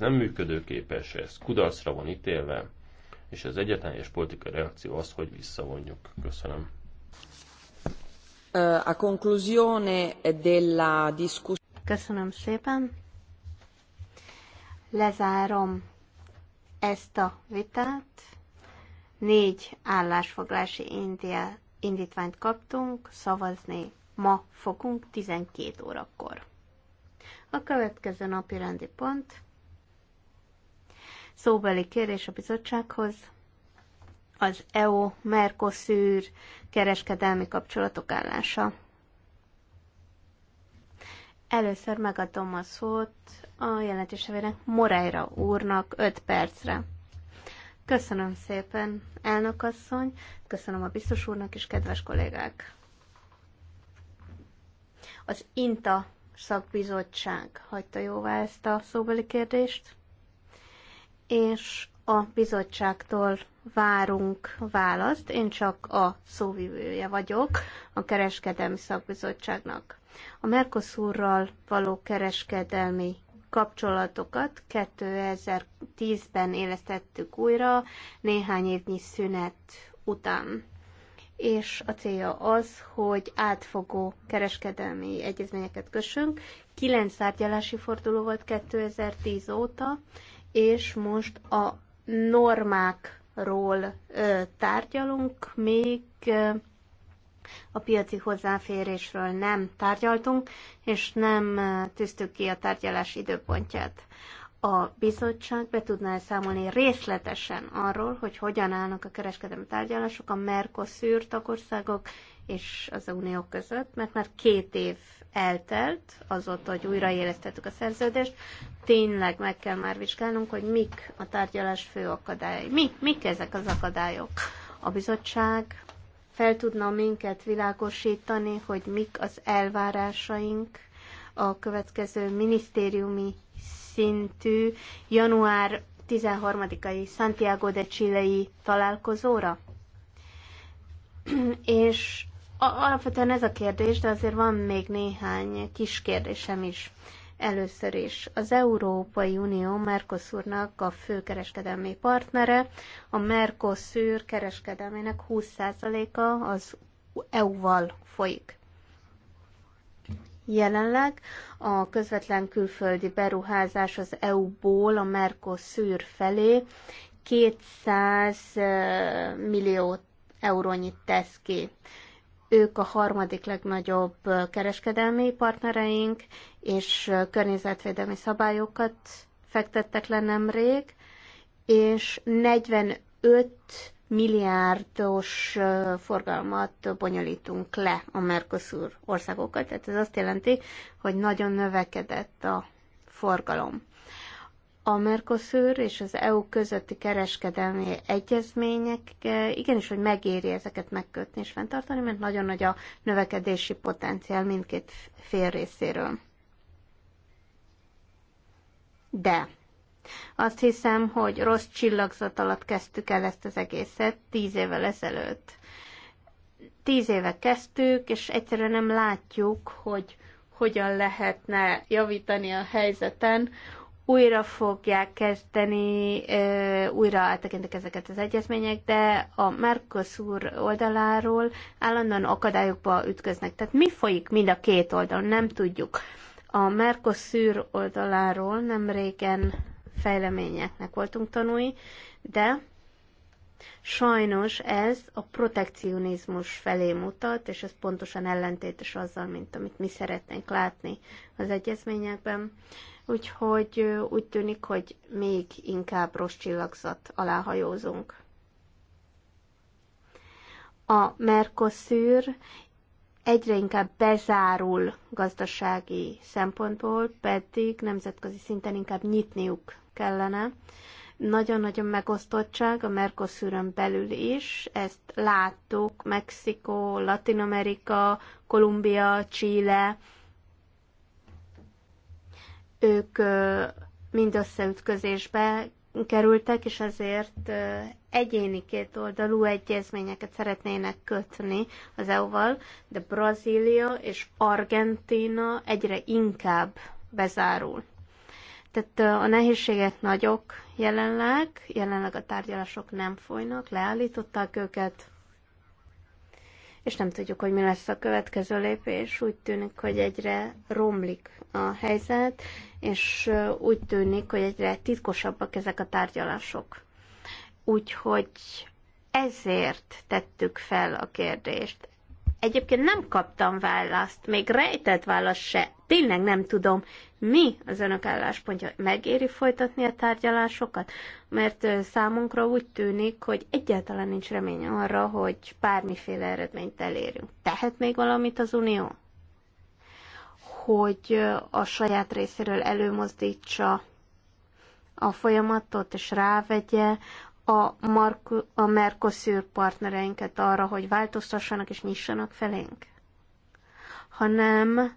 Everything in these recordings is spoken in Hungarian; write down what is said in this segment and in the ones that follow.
ez nem működőképes, ez kudarcra van ítélve, és az egyetlen és politikai reakció az, hogy visszavonjuk. Köszönöm. Eh, a conclusione della Köszönöm szépen. Lezárom ezt a vitát. Négy állásfoglási indítványt kaptunk, szavazni ma fogunk 12 órakor. A következő napi rendi pont szóbeli kérés a bizottsághoz az EU-Mercosur kereskedelmi kapcsolatok állása. Először megadom a szót a jelentésevének Moreira úrnak 5 percre. Köszönöm szépen, Elnökasszony. köszönöm a biztos úrnak és kedves kollégák. Az INTA szakbizottság hagyta jóvá ezt a szóbeli kérdést és a bizottságtól várunk választ. Én csak a szóvivője vagyok a kereskedelmi szakbizottságnak. A Mercosurral való kereskedelmi kapcsolatokat 2010-ben élesztettük újra, néhány évnyi szünet után. És a célja az, hogy átfogó kereskedelmi egyezményeket kössünk. Kilenc tárgyalási forduló volt 2010 óta, és most a normákról tárgyalunk, még a piaci hozzáférésről nem tárgyaltunk, és nem tűztük ki a tárgyalás időpontját. A bizottság be tudná számolni részletesen arról, hogy hogyan állnak a kereskedelmi tárgyalások a Mercosur tagországok és az Unió között, mert már két év eltelt, azóta, hogy újraélesztettük a szerződést, tényleg meg kell már vizsgálnunk, hogy mik a tárgyalás fő akadályai. Mi, mik ezek az akadályok? A bizottság fel tudna minket világosítani, hogy mik az elvárásaink a következő minisztériumi szintű január 13-ai Santiago de Chilei találkozóra? És Alapvetően ez a kérdés, de azért van még néhány kis kérdésem is. Először is az Európai Unió Mercosurnak a fő kereskedelmi partnere, a Mercosur kereskedelmének 20%-a az EU-val folyik. Jelenleg a közvetlen külföldi beruházás az EU-ból a Mercosur felé 200 eh, millió eurónyit tesz ki ők a harmadik legnagyobb kereskedelmi partnereink, és környezetvédelmi szabályokat fektettek le nemrég, és 45 milliárdos forgalmat bonyolítunk le a Mercosur országokkal. Tehát ez azt jelenti, hogy nagyon növekedett a forgalom a Mercosur és az EU közötti kereskedelmi egyezmények e, igenis, hogy megéri ezeket megkötni és fenntartani, mert nagyon nagy a növekedési potenciál mindkét fél részéről. De azt hiszem, hogy rossz csillagzat alatt kezdtük el ezt az egészet tíz évvel ezelőtt. Tíz éve kezdtük, és egyszerűen nem látjuk, hogy hogyan lehetne javítani a helyzeten, újra fogják kezdeni, újra áttekintik ezeket az egyezmények, de a Mercosur oldaláról állandóan akadályokba ütköznek. Tehát mi folyik mind a két oldalon, nem tudjuk. A Mercosur oldaláról nem régen fejleményeknek voltunk tanulni, de sajnos ez a protekcionizmus felé mutat, és ez pontosan ellentétes azzal, mint amit mi szeretnénk látni az egyezményekben úgyhogy úgy tűnik, hogy még inkább rossz csillagzat alá hajózunk. A Mercosur egyre inkább bezárul gazdasági szempontból, pedig nemzetközi szinten inkább nyitniuk kellene. Nagyon-nagyon megosztottság a Mercosurön belül is, ezt láttuk Mexikó, Latin Amerika, Kolumbia, Chile, ők mind összeütközésbe kerültek, és ezért egyéni oldalú egyezményeket szeretnének kötni az EU-val, de Brazília és Argentína egyre inkább bezárul. Tehát a nehézségek nagyok jelenleg, jelenleg a tárgyalások nem folynak, leállították őket, és nem tudjuk, hogy mi lesz a következő lépés. Úgy tűnik, hogy egyre romlik a helyzet, és úgy tűnik, hogy egyre titkosabbak ezek a tárgyalások. Úgyhogy ezért tettük fel a kérdést. Egyébként nem kaptam választ, még rejtett választ se. Tényleg nem tudom, mi az önök álláspontja. Megéri folytatni a tárgyalásokat? Mert számunkra úgy tűnik, hogy egyáltalán nincs remény arra, hogy bármiféle eredményt elérünk. Tehet még valamit az Unió? Hogy a saját részéről előmozdítsa a folyamatot, és rávegye a, Mark- a Mercosur partnereinket arra, hogy változtassanak és nyissanak felénk, hanem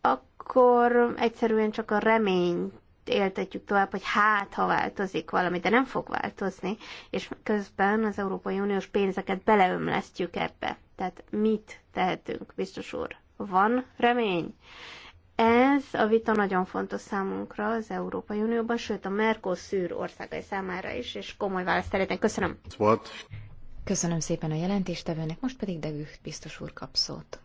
akkor egyszerűen csak a reményt éltetjük tovább, hogy hát, ha változik valami, de nem fog változni, és közben az Európai Uniós pénzeket beleömlesztjük ebbe. Tehát mit tehetünk, biztos úr? Van remény? Ez a vita nagyon fontos számunkra az Európai Unióban, sőt a Mercosur országai számára is, és komoly választ szeretnénk. Köszönöm. What? Köszönöm szépen a jelentéstevőnek, most pedig Degücht biztos úr kap szót.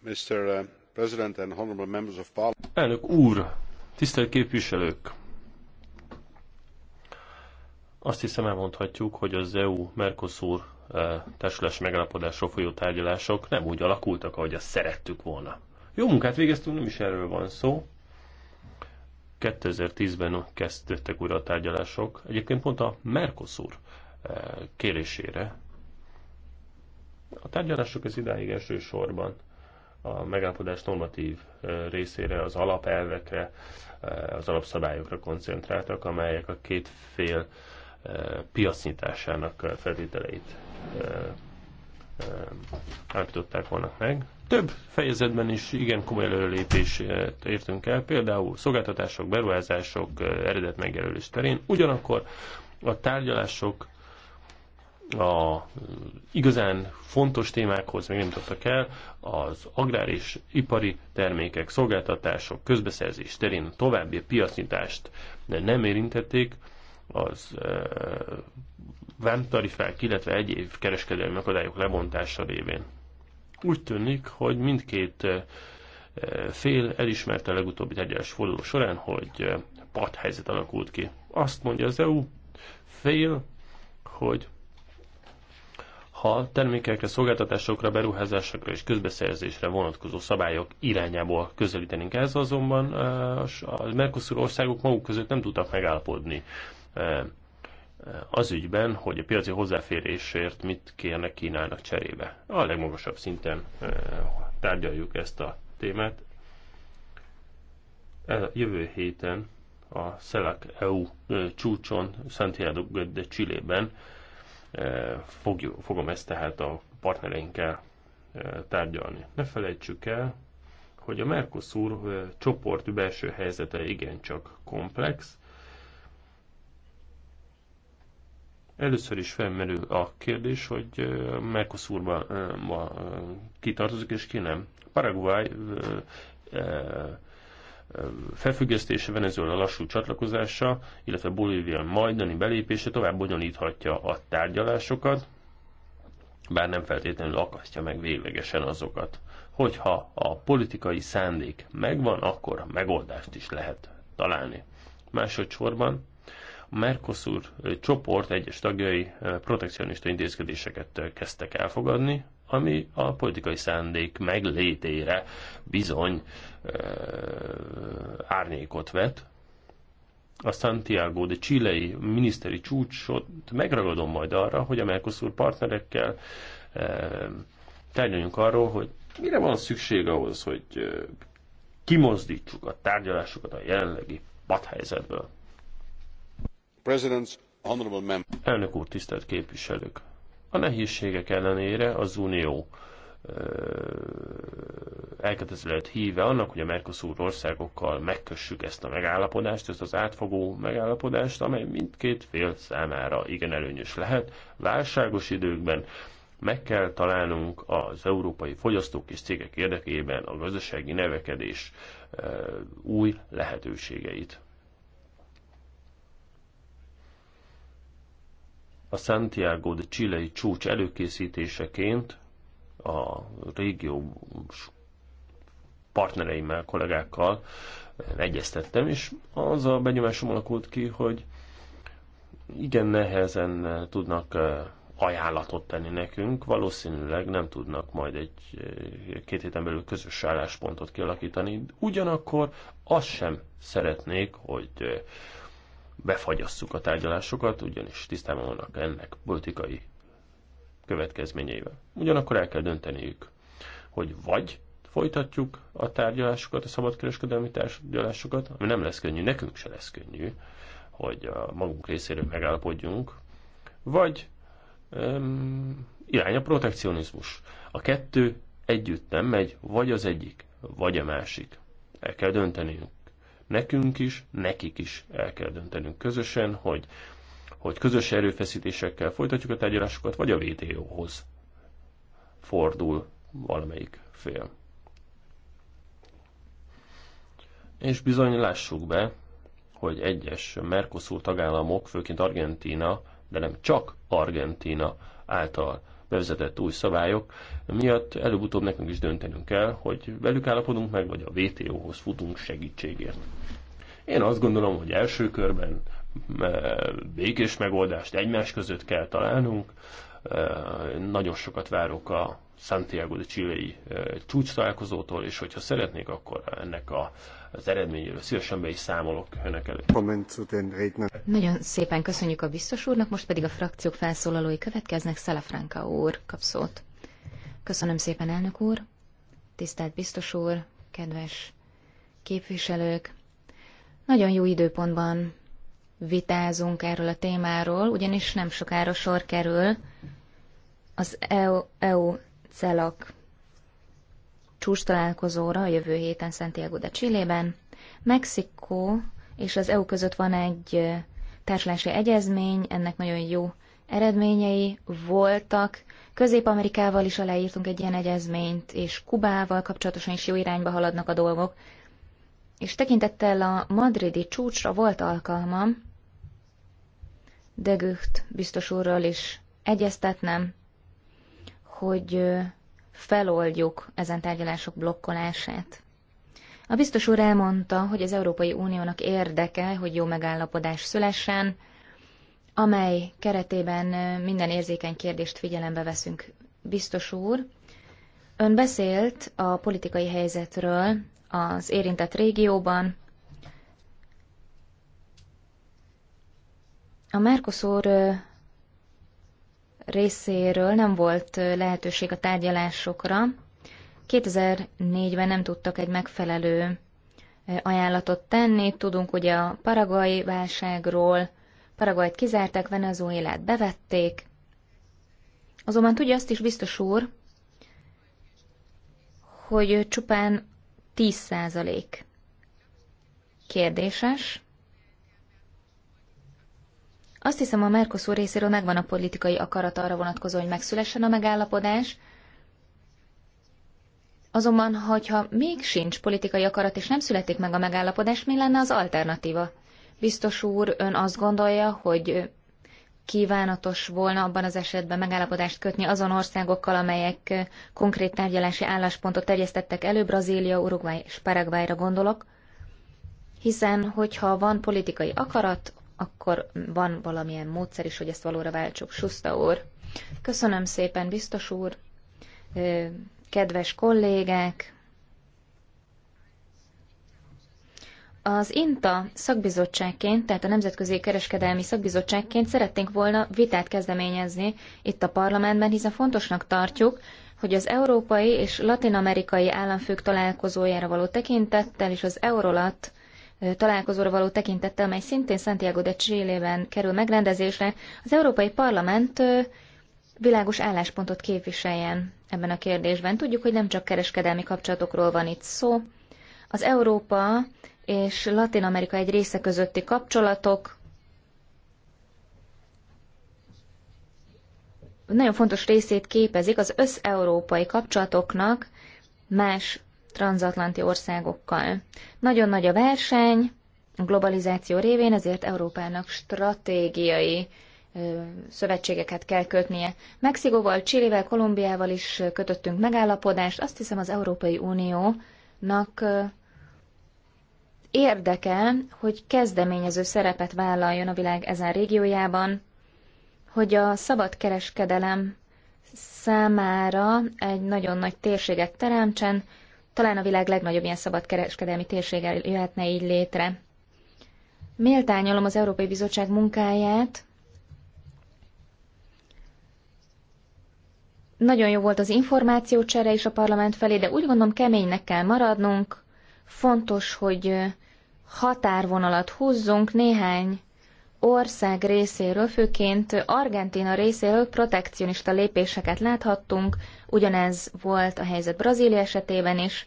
Mr. President and honorable members of parliament. Elnök úr, tisztelt képviselők! Azt hiszem elmondhatjuk, hogy az EU-Mercosur eh, társulás megállapodásról folyó tárgyalások nem úgy alakultak, ahogy azt szerettük volna. Jó munkát végeztünk, nem is erről van szó. 2010-ben kezdődtek újra a tárgyalások. Egyébként pont a Mercosur eh, kérésére. A tárgyalások ez idáig elsősorban a megállapodás normatív részére, az alapelvekre, az alapszabályokra koncentráltak, amelyek a két fél piacnyitásának feltételeit állapították volna meg. Több fejezetben is igen komoly előrelépést értünk el, például szolgáltatások, beruházások, eredet megjelölés terén. Ugyanakkor a tárgyalások a igazán fontos témákhoz még nem tudtak el, az agrár és ipari termékek, szolgáltatások, közbeszerzés terén a további piacnyitást nem érintették, az e, vámtarifák, illetve év kereskedelmi akadályok lebontása révén. Úgy tűnik, hogy mindkét e, fél elismerte a legutóbbi tárgyalás forduló során, hogy e, pat helyzet alakult ki. Azt mondja az EU fél, hogy ha termékekre, szolgáltatásokra, beruházásokra és közbeszerzésre vonatkozó szabályok irányából közelítenénk. Ez azonban a Mercosur országok maguk között nem tudtak megállapodni az ügyben, hogy a piaci hozzáférésért mit kérnek kínálnak cserébe. A legmagasabb szinten tárgyaljuk ezt a témát. E, jövő héten a szelak EU csúcson Santiago de Chile-ben fogjuk, fogom ezt tehát a partnereinkkel tárgyalni. Ne felejtsük el, hogy a Mercosur csoport belső helyzete igencsak komplex. Először is felmerül a kérdés, hogy Mercosurban ki tartozik és ki nem. Paraguay felfüggesztése Venezuela lassú csatlakozása, illetve Bolívia majdani belépése tovább bonyolíthatja a tárgyalásokat, bár nem feltétlenül akasztja meg véglegesen azokat. Hogyha a politikai szándék megvan, akkor a megoldást is lehet találni. Másodszorban a Mercosur csoport egyes tagjai eh, protekcionista intézkedéseket eh, kezdtek elfogadni, ami a politikai szándék meglétére bizony uh, árnyékot vet. A Santiago de Chilei miniszteri csúcsot megragadom majd arra, hogy a Mercosur partnerekkel uh, tárgyaljunk arról, hogy mire van szükség ahhoz, hogy uh, kimozdítsuk a tárgyalásokat a jelenlegi padhelyzetből. Elnök úr, tisztelt képviselők! A nehézségek ellenére az Unió elkötelezett híve annak, hogy a Mercosur országokkal megkössük ezt a megállapodást, ezt az átfogó megállapodást, amely mindkét fél számára igen előnyös lehet. Válságos időkben meg kell találnunk az európai fogyasztók és cégek érdekében a gazdasági nevekedés új lehetőségeit. A Santiago de Chilei csúcs előkészítéseként a régió partnereimmel, kollégákkal egyeztettem, és az a benyomásom alakult ki, hogy igen nehezen tudnak ajánlatot tenni nekünk, valószínűleg nem tudnak majd egy két héten belül közös álláspontot kialakítani. Ugyanakkor azt sem szeretnék, hogy befagyasszuk a tárgyalásokat, ugyanis tisztában vannak ennek politikai következményeivel. Ugyanakkor el kell dönteniük, hogy vagy folytatjuk a tárgyalásokat, a szabadkereskedelmi tárgyalásokat, ami nem lesz könnyű, nekünk se lesz könnyű, hogy a magunk részéről megállapodjunk, vagy um, irány a protekcionizmus. A kettő együtt nem megy, vagy az egyik, vagy a másik. El kell dönteniünk. Nekünk is, nekik is el kell döntenünk közösen, hogy, hogy közös erőfeszítésekkel folytatjuk a tárgyalásokat, vagy a WTO-hoz fordul valamelyik fél. És bizony lássuk be, hogy egyes Mercosur tagállamok, főként Argentína, de nem csak Argentína által bevezetett új szabályok miatt előbb-utóbb nekünk is döntenünk kell, hogy velük állapodunk meg, vagy a WTO-hoz futunk segítségért. Én azt gondolom, hogy első körben békés megoldást egymás között kell találnunk, nagyon sokat várok a Santiago de Chile-i csúcs találkozótól, és hogyha szeretnék, akkor ennek a, az eredményéről szívesen be is számolok önök előtt. Nagyon szépen köszönjük a biztos úrnak, most pedig a frakciók felszólalói következnek. Szelefranka úr kap szót. Köszönöm szépen, elnök úr, tisztelt biztos úr, kedves képviselők. Nagyon jó időpontban vitázunk erről a témáról, ugyanis nem sokára sor kerül az EU, EU CELAC csúcs találkozóra a jövő héten Santiago de Chile-ben. Mexikó és az EU között van egy társulási egyezmény, ennek nagyon jó eredményei voltak. Közép-Amerikával is aláírtunk egy ilyen egyezményt, és Kubával kapcsolatosan is jó irányba haladnak a dolgok. És tekintettel a madridi csúcsra volt alkalmam, Degücht biztos úrral is egyeztetnem, hogy feloldjuk ezen tárgyalások blokkolását. A biztos úr elmondta, hogy az Európai Uniónak érdeke, hogy jó megállapodás szülessen, amely keretében minden érzékeny kérdést figyelembe veszünk. Biztos úr, ön beszélt a politikai helyzetről az érintett régióban. A Mercosur részéről nem volt lehetőség a tárgyalásokra. 2004-ben nem tudtak egy megfelelő ajánlatot tenni. Tudunk ugye a paragai válságról, paragajt kizárták, Venezuelát bevették. Azonban tudja azt is biztos úr, hogy csupán 10 százalék kérdéses, azt hiszem, a Mercosur részéről megvan a politikai akarat arra vonatkozó, hogy megszülessen a megállapodás, Azonban, hogyha még sincs politikai akarat és nem születik meg a megállapodás, mi lenne az alternatíva? Biztos úr, ön azt gondolja, hogy kívánatos volna abban az esetben megállapodást kötni azon országokkal, amelyek konkrét tárgyalási álláspontot terjesztettek elő, Brazília, Uruguay és Paraguayra gondolok, hiszen hogyha van politikai akarat, akkor van valamilyen módszer is, hogy ezt valóra váltsuk. Suszta úr, köszönöm szépen, biztos úr, kedves kollégák, Az INTA szakbizottságként, tehát a Nemzetközi Kereskedelmi Szakbizottságként szeretnénk volna vitát kezdeményezni itt a parlamentben, hiszen fontosnak tartjuk, hogy az európai és latinamerikai államfők találkozójára való tekintettel és az Eurolat találkozóra való tekintettel, amely szintén Santiago de Chile-ben kerül megrendezésre, az Európai Parlament világos álláspontot képviseljen ebben a kérdésben. Tudjuk, hogy nem csak kereskedelmi kapcsolatokról van itt szó. Az Európa és Latin Amerika egy része közötti kapcsolatok nagyon fontos részét képezik az összeurópai kapcsolatoknak más transatlanti országokkal. Nagyon nagy a verseny, a globalizáció révén, ezért Európának stratégiai szövetségeket kell kötnie. Mexikóval, Csillivel, Kolumbiával is kötöttünk megállapodást. Azt hiszem az Európai Uniónak érdeke, hogy kezdeményező szerepet vállaljon a világ ezen régiójában, hogy a szabad kereskedelem számára egy nagyon nagy térséget teremtsen, talán a világ legnagyobb ilyen szabadkereskedelmi térsége jöhetne így létre. Méltányolom az Európai Bizottság munkáját. Nagyon jó volt az információcsere is a parlament felé, de úgy gondolom keménynek kell maradnunk. Fontos, hogy határvonalat húzzunk, néhány ország részéről, főként Argentina részéről protekcionista lépéseket láthattunk, ugyanez volt a helyzet Brazília esetében is,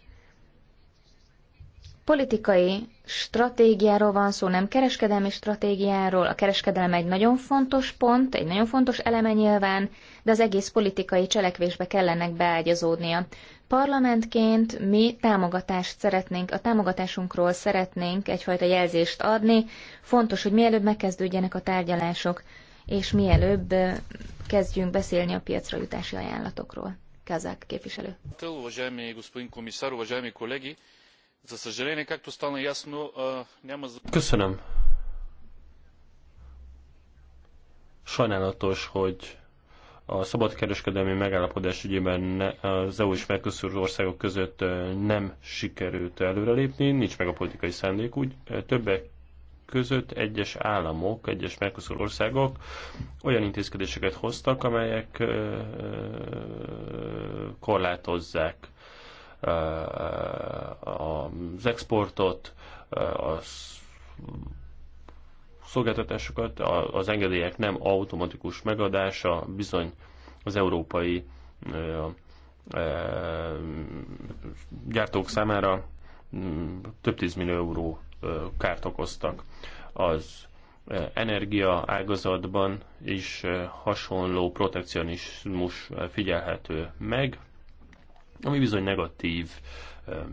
Politikai stratégiáról van szó, nem kereskedelmi stratégiáról. A kereskedelem egy nagyon fontos pont, egy nagyon fontos eleme nyilván, de az egész politikai cselekvésbe kellene beágyazódnia. Parlamentként mi támogatást szeretnénk, a támogatásunkról szeretnénk egyfajta jelzést adni. Fontos, hogy mielőbb megkezdődjenek a tárgyalások, és mielőbb kezdjünk beszélni a piacra jutási ajánlatokról. Kazák képviselő. Köszönöm. Sajnálatos, hogy a szabadkereskedelmi megállapodás ügyében az EU és Mercosur országok között nem sikerült előrelépni, nincs meg a politikai szándék, úgy többek között egyes államok, egyes Mercosur országok olyan intézkedéseket hoztak, amelyek korlátozzák az exportot, a szolgáltatásokat, az engedélyek nem automatikus megadása bizony az európai gyártók számára mm, több tízmillió euró kárt okoztak. Az energia ágazatban is hasonló protekcionizmus figyelhető meg ami bizony negatív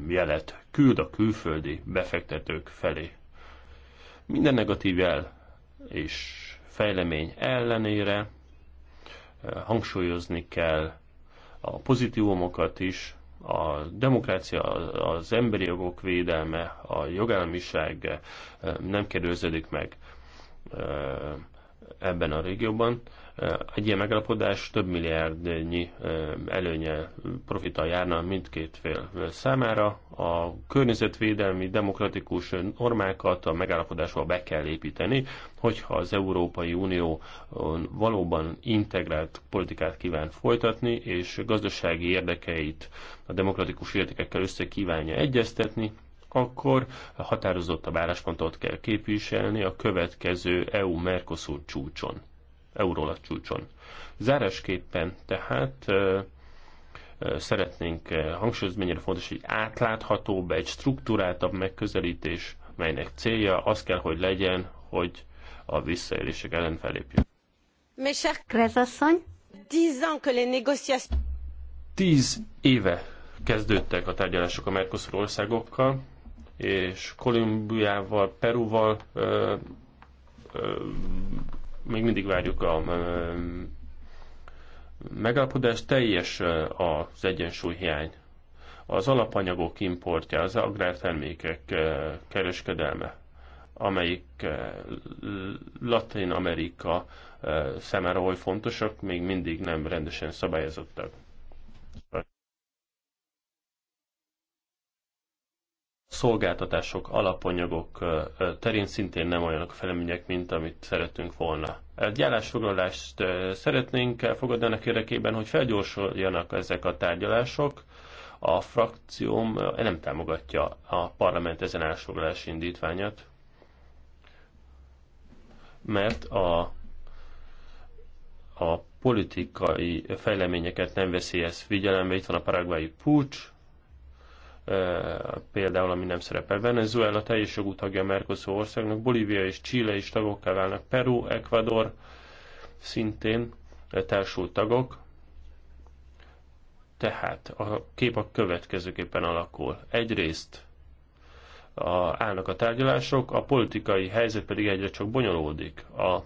jelet küld a külföldi befektetők felé. Minden negatív jel és fejlemény ellenére hangsúlyozni kell a pozitívumokat is, a demokrácia, az emberi jogok védelme, a jogállamiság nem kerülződik meg ebben a régióban. Egy ilyen megállapodás több milliárdnyi előnye profita járna mindkét fél számára. A környezetvédelmi, demokratikus normákat a megállapodásba be kell építeni, hogyha az Európai Unió valóban integrált politikát kíván folytatni, és gazdasági érdekeit a demokratikus értékekkel össze kívánja egyeztetni, akkor határozottabb álláspontot kell képviselni a következő EU-Mercosur csúcson eurólat csúcson. Zárásképpen tehát szeretnénk hangsúlyozni, mennyire fontos, hogy átláthatóbb, egy struktúráltabb megközelítés, melynek célja az kell, hogy legyen, hogy a visszaélések ellen felépjük. Tíz éve kezdődtek a tárgyalások a Mercosur országokkal, és Kolumbiával, Peruval ö, ö, még mindig várjuk a megállapodást. teljes az egyensúlyhiány. Az alapanyagok importja, az agrártermékek kereskedelme, amelyik Latin Amerika számára oly fontosak, még mindig nem rendesen szabályozottak. szolgáltatások, alapanyagok terén szintén nem olyanok a felemények, mint amit szeretünk volna. Egy állásfoglalást szeretnénk elfogadni annak érdekében, hogy felgyorsuljanak ezek a tárgyalások. A frakcióm nem támogatja a parlament ezen állásfoglalás indítványát, mert a, a politikai fejleményeket nem veszi figyelembe. Itt van a paraguayi pucs, például, ami nem szerepel. Venezuela teljes jogú tagja a Mercosur országnak, Bolívia és Chile is tagokká válnak, Peru, Ecuador szintén társult tagok, tehát a kép a következőképpen alakul. Egyrészt a, állnak a tárgyalások, a politikai helyzet pedig egyre csak bonyolódik. A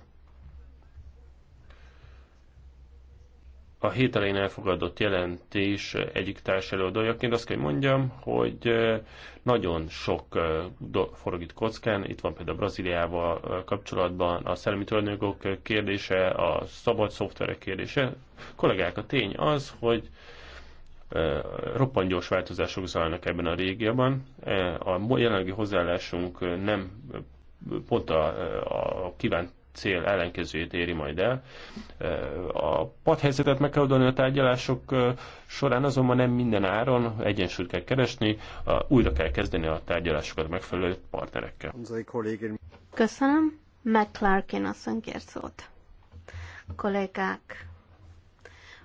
a hét elején elfogadott jelentés egyik társelőadójaként azt kell, hogy mondjam, hogy nagyon sok forog itt kockán, itt van például Brazíliával kapcsolatban a szellemi tulajdonjogok kérdése, a szabad szoftverek kérdése. Kollégák, a tény az, hogy roppant gyors változások zajlanak ebben a régióban. A jelenlegi hozzáállásunk nem pont a, a kívánt cél ellenkezőjét éri majd el. A padhelyzetet meg kell oldani a tárgyalások során, azonban nem minden áron egyensúlyt kell keresni, újra kell kezdeni a tárgyalásokat megfelelő partnerekkel. Köszönöm. McClarkin asszony kért szót. Kollégák,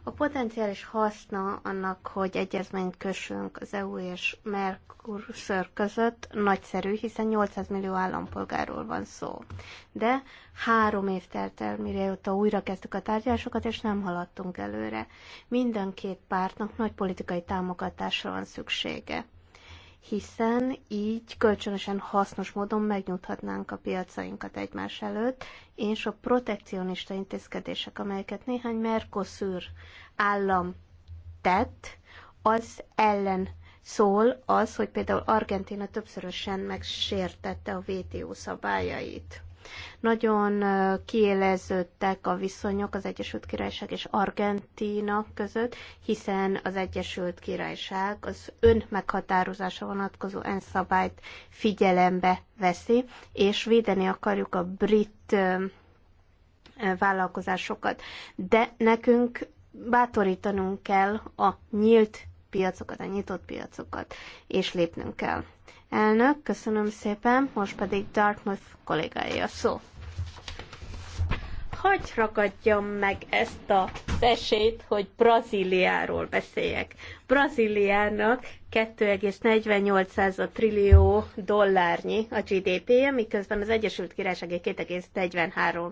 a potenciális haszna annak, hogy egyezményt kössünk az EU és Mercosur között nagyszerű, hiszen 800 millió állampolgárról van szó. De három év telt el, mióta újra kezdtük a tárgyalásokat, és nem haladtunk előre. Minden két pártnak nagy politikai támogatásra van szüksége hiszen így kölcsönösen hasznos módon megnyughatnánk a piacainkat egymás előtt, és a protekcionista intézkedések, amelyeket néhány Mercosur állam tett, az ellen szól az, hogy például Argentina többszörösen megsértette a WTO szabályait. Nagyon kiéleződtek a viszonyok az Egyesült Királyság és Argentína között, hiszen az Egyesült Királyság az ön meghatározása vonatkozó enszabályt szabályt figyelembe veszi, és védeni akarjuk a brit vállalkozásokat. De nekünk bátorítanunk kell a nyílt piacokat, a nyitott piacokat, és lépnünk kell. Elnök, köszönöm szépen, most pedig Dartmouth kollégája szó hagy ragadjam meg ezt a esélyt, hogy Brazíliáról beszéljek. Brazíliának 2,48 trillió dollárnyi a GDP-je, miközben az Egyesült Királyságé 2,43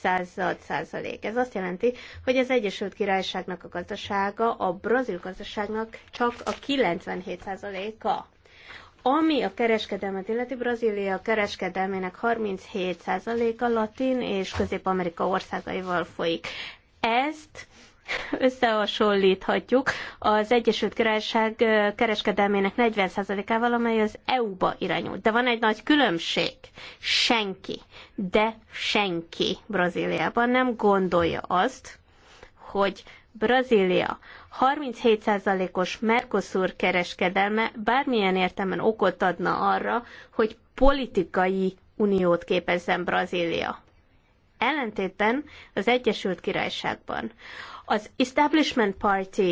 század százalék. Ez azt jelenti, hogy az Egyesült Királyságnak a gazdasága a brazil gazdaságnak csak a 97 százaléka. Ami a kereskedelmet illeti, Brazília kereskedelmének 37%-a latin és közép-amerika országaival folyik. Ezt összehasonlíthatjuk az Egyesült Királyság kereskedelmének 40%-ával, amely az EU-ba irányul. De van egy nagy különbség. Senki, de senki Brazíliában nem gondolja azt, hogy Brazília 37%-os Mercosur kereskedelme bármilyen értelemben okot adna arra, hogy politikai uniót képezzen Brazília. Ellentétben az Egyesült Királyságban az establishment party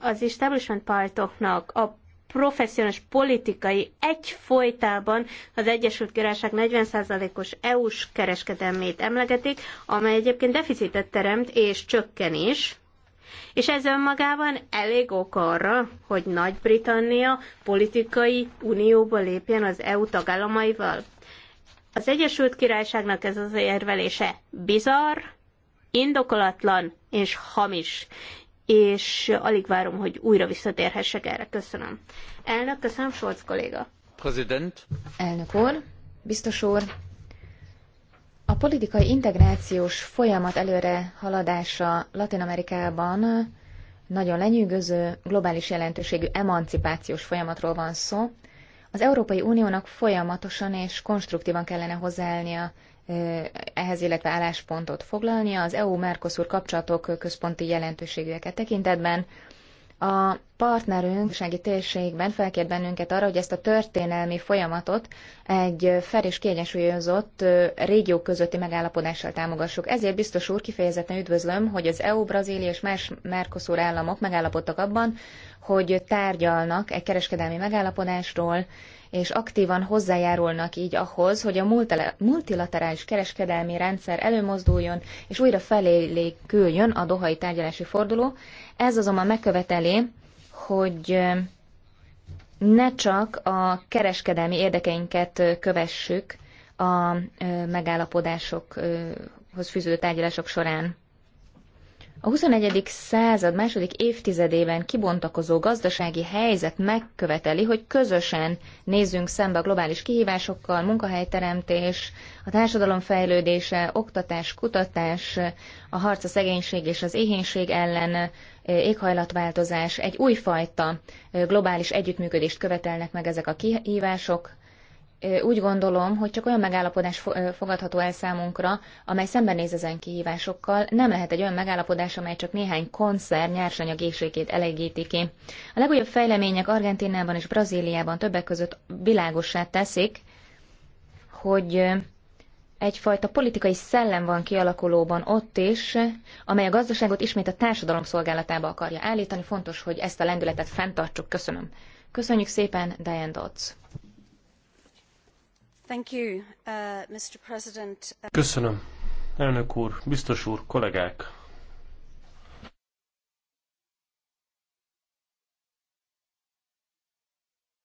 az establishment partoknak a professzionális politikai egyfolytában az Egyesült Királyság 40%-os EU-s kereskedelmét emlegetik, amely egyébként deficitet teremt és csökken is, és ez önmagában elég ok arra, hogy Nagy-Britannia politikai unióba lépjen az EU tagállamaival. Az Egyesült Királyságnak ez az érvelése bizarr, indokolatlan és hamis. És alig várom, hogy újra visszatérhessek erre. Köszönöm. Elnök, köszönöm, Solc kolléga. Prezident. Elnök úr, biztos úr, a politikai integrációs folyamat előre haladása Latin Amerikában nagyon lenyűgöző, globális jelentőségű emancipációs folyamatról van szó. Az Európai Uniónak folyamatosan és konstruktívan kellene hozzáállnia ehhez, illetve álláspontot foglalnia. Az EU-Mercosur kapcsolatok központi jelentőségűeket tekintetben a partnerünk sági térségben felkért bennünket arra, hogy ezt a történelmi folyamatot egy fel és kiegyensúlyozott régiók közötti megállapodással támogassuk. Ezért biztos úr kifejezetten üdvözlöm, hogy az EU, Brazília és más Mercosur államok megállapodtak abban, hogy tárgyalnak egy kereskedelmi megállapodásról, és aktívan hozzájárulnak így ahhoz, hogy a multilaterális kereskedelmi rendszer előmozduljon, és újra feléléküljön a dohai tárgyalási forduló. Ez azonban megköveteli, hogy ne csak a kereskedelmi érdekeinket kövessük a megállapodásokhoz fűző tárgyalások során. A 21. század második évtizedében kibontakozó gazdasági helyzet megköveteli, hogy közösen nézzünk szembe a globális kihívásokkal, munkahelyteremtés, a társadalom fejlődése, oktatás, kutatás, a harc a szegénység és az éhénység ellen, éghajlatváltozás, egy újfajta globális együttműködést követelnek meg ezek a kihívások, úgy gondolom, hogy csak olyan megállapodás fogadható el számunkra, amely szembenéz ezen kihívásokkal, nem lehet egy olyan megállapodás, amely csak néhány konszer nyersanyag éjségét elégíti ki. A legújabb fejlemények Argentinában és Brazíliában többek között világossá teszik, hogy egyfajta politikai szellem van kialakulóban ott is, amely a gazdaságot ismét a társadalom szolgálatába akarja állítani. Fontos, hogy ezt a lendületet fenntartsuk. Köszönöm. Köszönjük szépen, Diane Dodds. Uh, Köszönöm. Elnök úr, biztos úr, kollégák!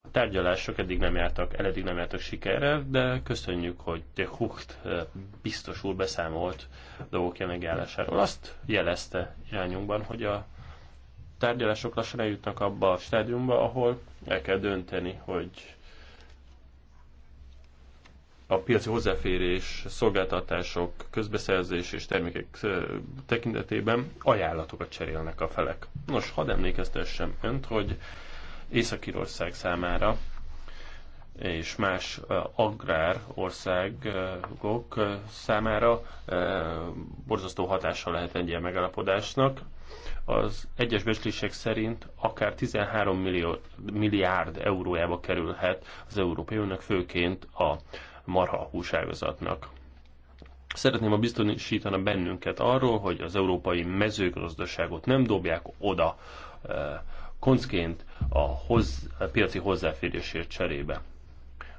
A tárgyalások eddig nem jártak, eddig nem jártak sikerrel, de köszönjük, hogy de Hucht uh, biztos úr beszámolt dolgok jelenlegi állásáról. Azt jelezte irányunkban, hogy a tárgyalások lassan eljutnak abba a stádiumba, ahol el kell dönteni, hogy a piaci hozzáférés, szolgáltatások, közbeszerzés és termékek tekintetében ajánlatokat cserélnek a felek. Nos, hadd emlékeztessem önt, hogy Észak-Írország számára és más agrár országok számára borzasztó hatása lehet egy ilyen megalapodásnak. Az egyes becslések szerint akár 13 millió, milliárd eurójába kerülhet az Európai Uniónak, főként a marha húságazatnak. Szeretném a biztosítani bennünket arról, hogy az európai mezőgazdaságot nem dobják oda eh, koncként a, hoz, a piaci hozzáférésért cserébe.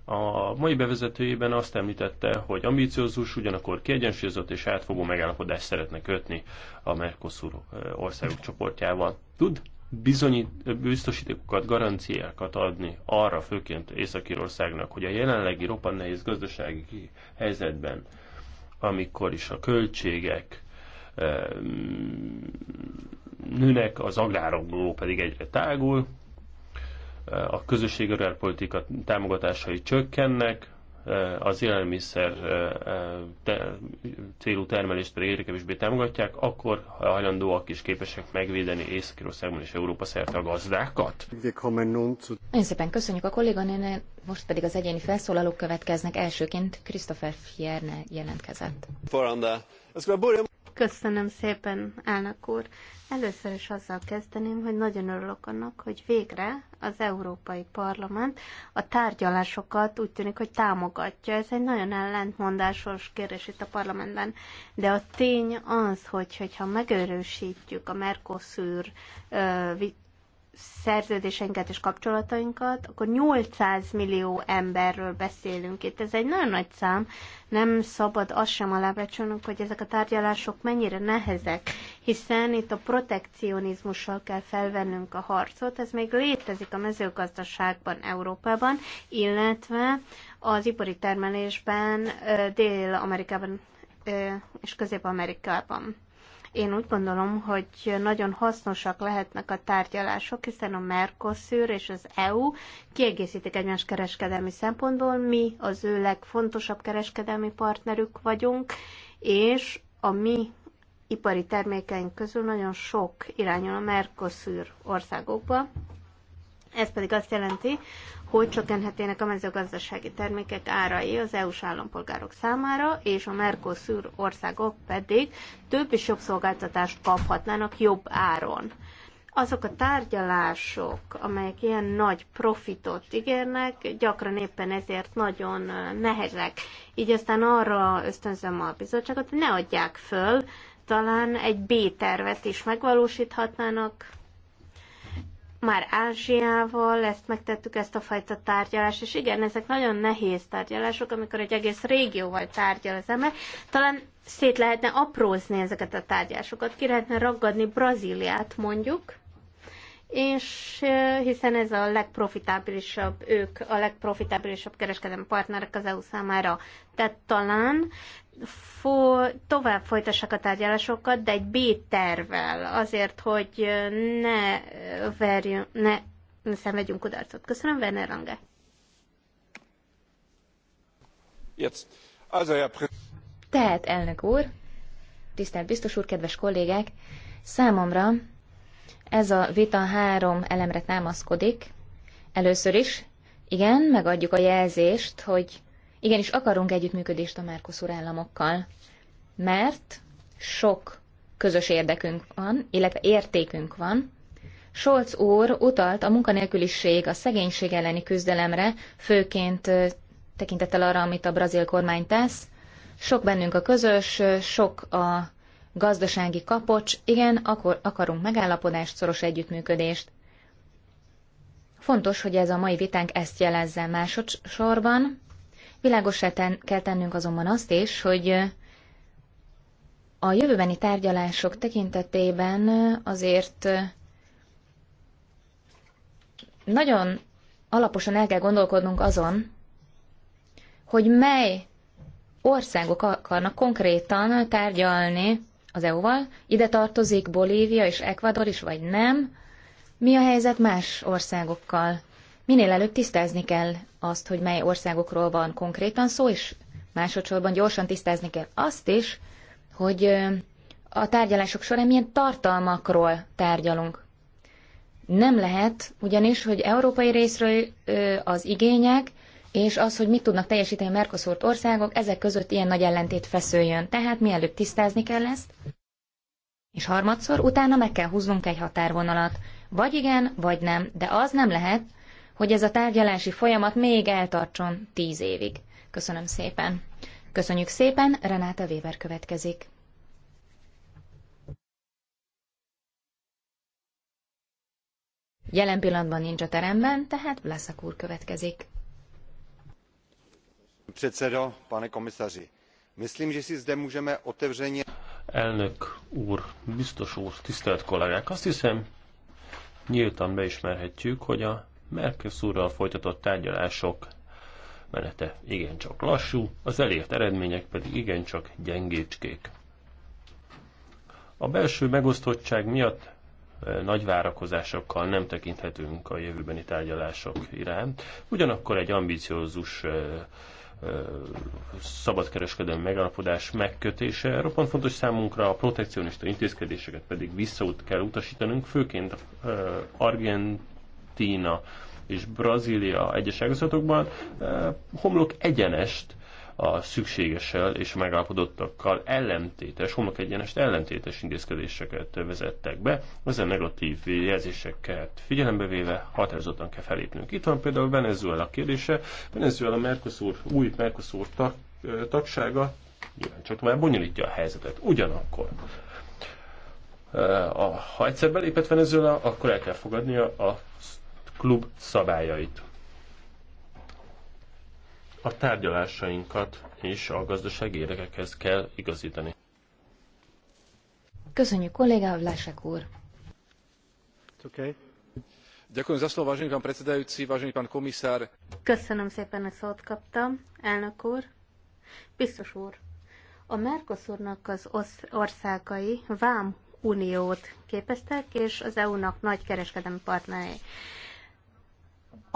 A mai bevezetőjében azt említette, hogy ambiciózus, ugyanakkor kiegyensúlyozott és átfogó megállapodást szeretne kötni a Mercosur eh, országok csoportjával. Tud? bizonyít, biztosítékokat, garanciákat adni arra, főként Észak-Írországnak, hogy a jelenlegi roppan nehéz gazdasági helyzetben, amikor is a költségek e, nőnek, az agrárokból pedig egyre tágul, eh, a közösségi agrárpolitika támogatásai csökkennek, Eh, az élelmiszer eh, eh, célú termelést pedig egyre kevésbé támogatják, akkor hajlandóak is képesek megvédeni Észak-Irországban és Európa szerte a gazdákat. Én szépen köszönjük a kolléganőnek, most pedig az egyéni felszólalók következnek. Elsőként Christopher Fierne jelentkezett. Köszönöm szépen, elnök úr. Először is azzal kezdeném, hogy nagyon örülök annak, hogy végre az Európai Parlament a tárgyalásokat úgy tűnik, hogy támogatja. Ez egy nagyon ellentmondásos kérdés itt a parlamentben. De a tény az, hogy, hogyha megerősítjük a Mercosur szerződéseinket és kapcsolatainkat, akkor 800 millió emberről beszélünk itt. Ez egy nagyon nagy szám, nem szabad azt sem alábecsülnünk, hogy ezek a tárgyalások mennyire nehezek, hiszen itt a protekcionizmussal kell felvennünk a harcot, ez még létezik a mezőgazdaságban Európában, illetve az ipari termelésben Dél-Amerikában és Közép-Amerikában. Én úgy gondolom, hogy nagyon hasznosak lehetnek a tárgyalások, hiszen a Mercosur és az EU kiegészítik egymás kereskedelmi szempontból. Mi az ő legfontosabb kereskedelmi partnerük vagyunk, és a mi ipari termékeink közül nagyon sok irányul a Mercosur országokba. Ez pedig azt jelenti, hogy csökkenhetének a mezőgazdasági termékek árai az EU-s állampolgárok számára, és a Mercosur országok pedig több és jobb szolgáltatást kaphatnának jobb áron. Azok a tárgyalások, amelyek ilyen nagy profitot ígérnek, gyakran éppen ezért nagyon nehezek. Így aztán arra ösztönzöm a bizottságot, hogy ne adják föl, talán egy B tervet is megvalósíthatnának, már Ázsiával ezt megtettük, ezt a fajta tárgyalást, és igen, ezek nagyon nehéz tárgyalások, amikor egy egész régióval tárgyal az ember. Talán szét lehetne aprózni ezeket a tárgyásokat, ki lehetne ragadni Brazíliát mondjuk, és hiszen ez a legprofitábilisabb, ők a legprofitábilisabb kereskedelmi partnerek az EU számára. Tehát talán tovább folytassak a tárgyalásokat, de egy b tervvel, azért, hogy ne verjünk, ne, ne szenvedjünk kudarcot. Köszönöm, Werner Lange. Jetzt. Also, ja, Tehát, elnök úr, tisztelt biztos úr, kedves kollégák, számomra ez a vita három elemre támaszkodik. Először is, igen, megadjuk a jelzést, hogy igenis akarunk együttműködést a Mercosur államokkal, mert sok közös érdekünk van, illetve értékünk van. Scholz úr utalt a munkanélküliség, a szegénység elleni küzdelemre, főként tekintettel arra, amit a brazil kormány tesz. Sok bennünk a közös, sok a gazdasági kapocs, igen, akkor akarunk megállapodást, szoros együttműködést. Fontos, hogy ez a mai vitánk ezt jelezze másodszorban. Világosra ten- kell tennünk azonban azt is, hogy a jövőbeni tárgyalások tekintetében azért nagyon alaposan el kell gondolkodnunk azon, hogy mely országok akarnak konkrétan tárgyalni az EU-val, ide tartozik Bolívia és Ecuador is, vagy nem, mi a helyzet más országokkal. Minél előbb tisztázni kell azt, hogy mely országokról van konkrétan szó, és másodszorban gyorsan tisztázni kell azt is, hogy a tárgyalások során milyen tartalmakról tárgyalunk. Nem lehet, ugyanis, hogy európai részről az igények, és az, hogy mit tudnak teljesíteni a Mercosur országok, ezek között ilyen nagy ellentét feszüljön. Tehát mielőbb tisztázni kell ezt, és harmadszor utána meg kell húznunk egy határvonalat. Vagy igen, vagy nem, de az nem lehet, hogy ez a tárgyalási folyamat még eltartson tíz évig. Köszönöm szépen. Köszönjük szépen, Renáta Weber következik. Jelen pillanatban nincs a teremben, tehát Vlaszak úr következik. Předsedo, pane komisaři, myslím, že si zde můžeme otevřeně... Elnök úr, biztos úr, tisztelt kollégák, azt hiszem, nyíltan beismerhetjük, hogy a Mercosurral folytatott tárgyalások menete igencsak lassú, az elért eredmények pedig igencsak gyengécskék. A belső megosztottság miatt e, nagy várakozásokkal nem tekinthetünk a jövőbeni tárgyalások iránt. Ugyanakkor egy ambiciózus e, e, szabadkereskedelmi megállapodás megkötése. Roppant fontos számunkra a protekcionista intézkedéseket pedig visszaút kell utasítanunk, főként Argentina és Brazília egyes ágazatokban eh, homlok egyenest a szükségesel és a megállapodottakkal ellentétes, homlok egyenest ellentétes intézkedéseket vezettek be. Ezen negatív jelzéseket figyelembe véve határozottan kell felépnünk. Itt van például Venezuela kérdése. Venezuela Mercosur, új Mercosur tag, eh, tagsága nyilván csak már bonyolítja a helyzetet. Ugyanakkor eh, ha egyszer belépett Venezuela, akkor el kell fogadnia a klub szabályait. A tárgyalásainkat és a gazdasági érdekekhez kell igazítani. Köszönjük kollégá, Vlasek úr! Okay. Ďakujem za slovo, vážený pán predsedajúci, vážený pán komisár. Köszönöm szépen, hogy szót kaptam, elnök úr. Biztos úr, a Mercosurnak az országai vám uniót képeztek, és az EU-nak nagy kereskedelmi partnerei.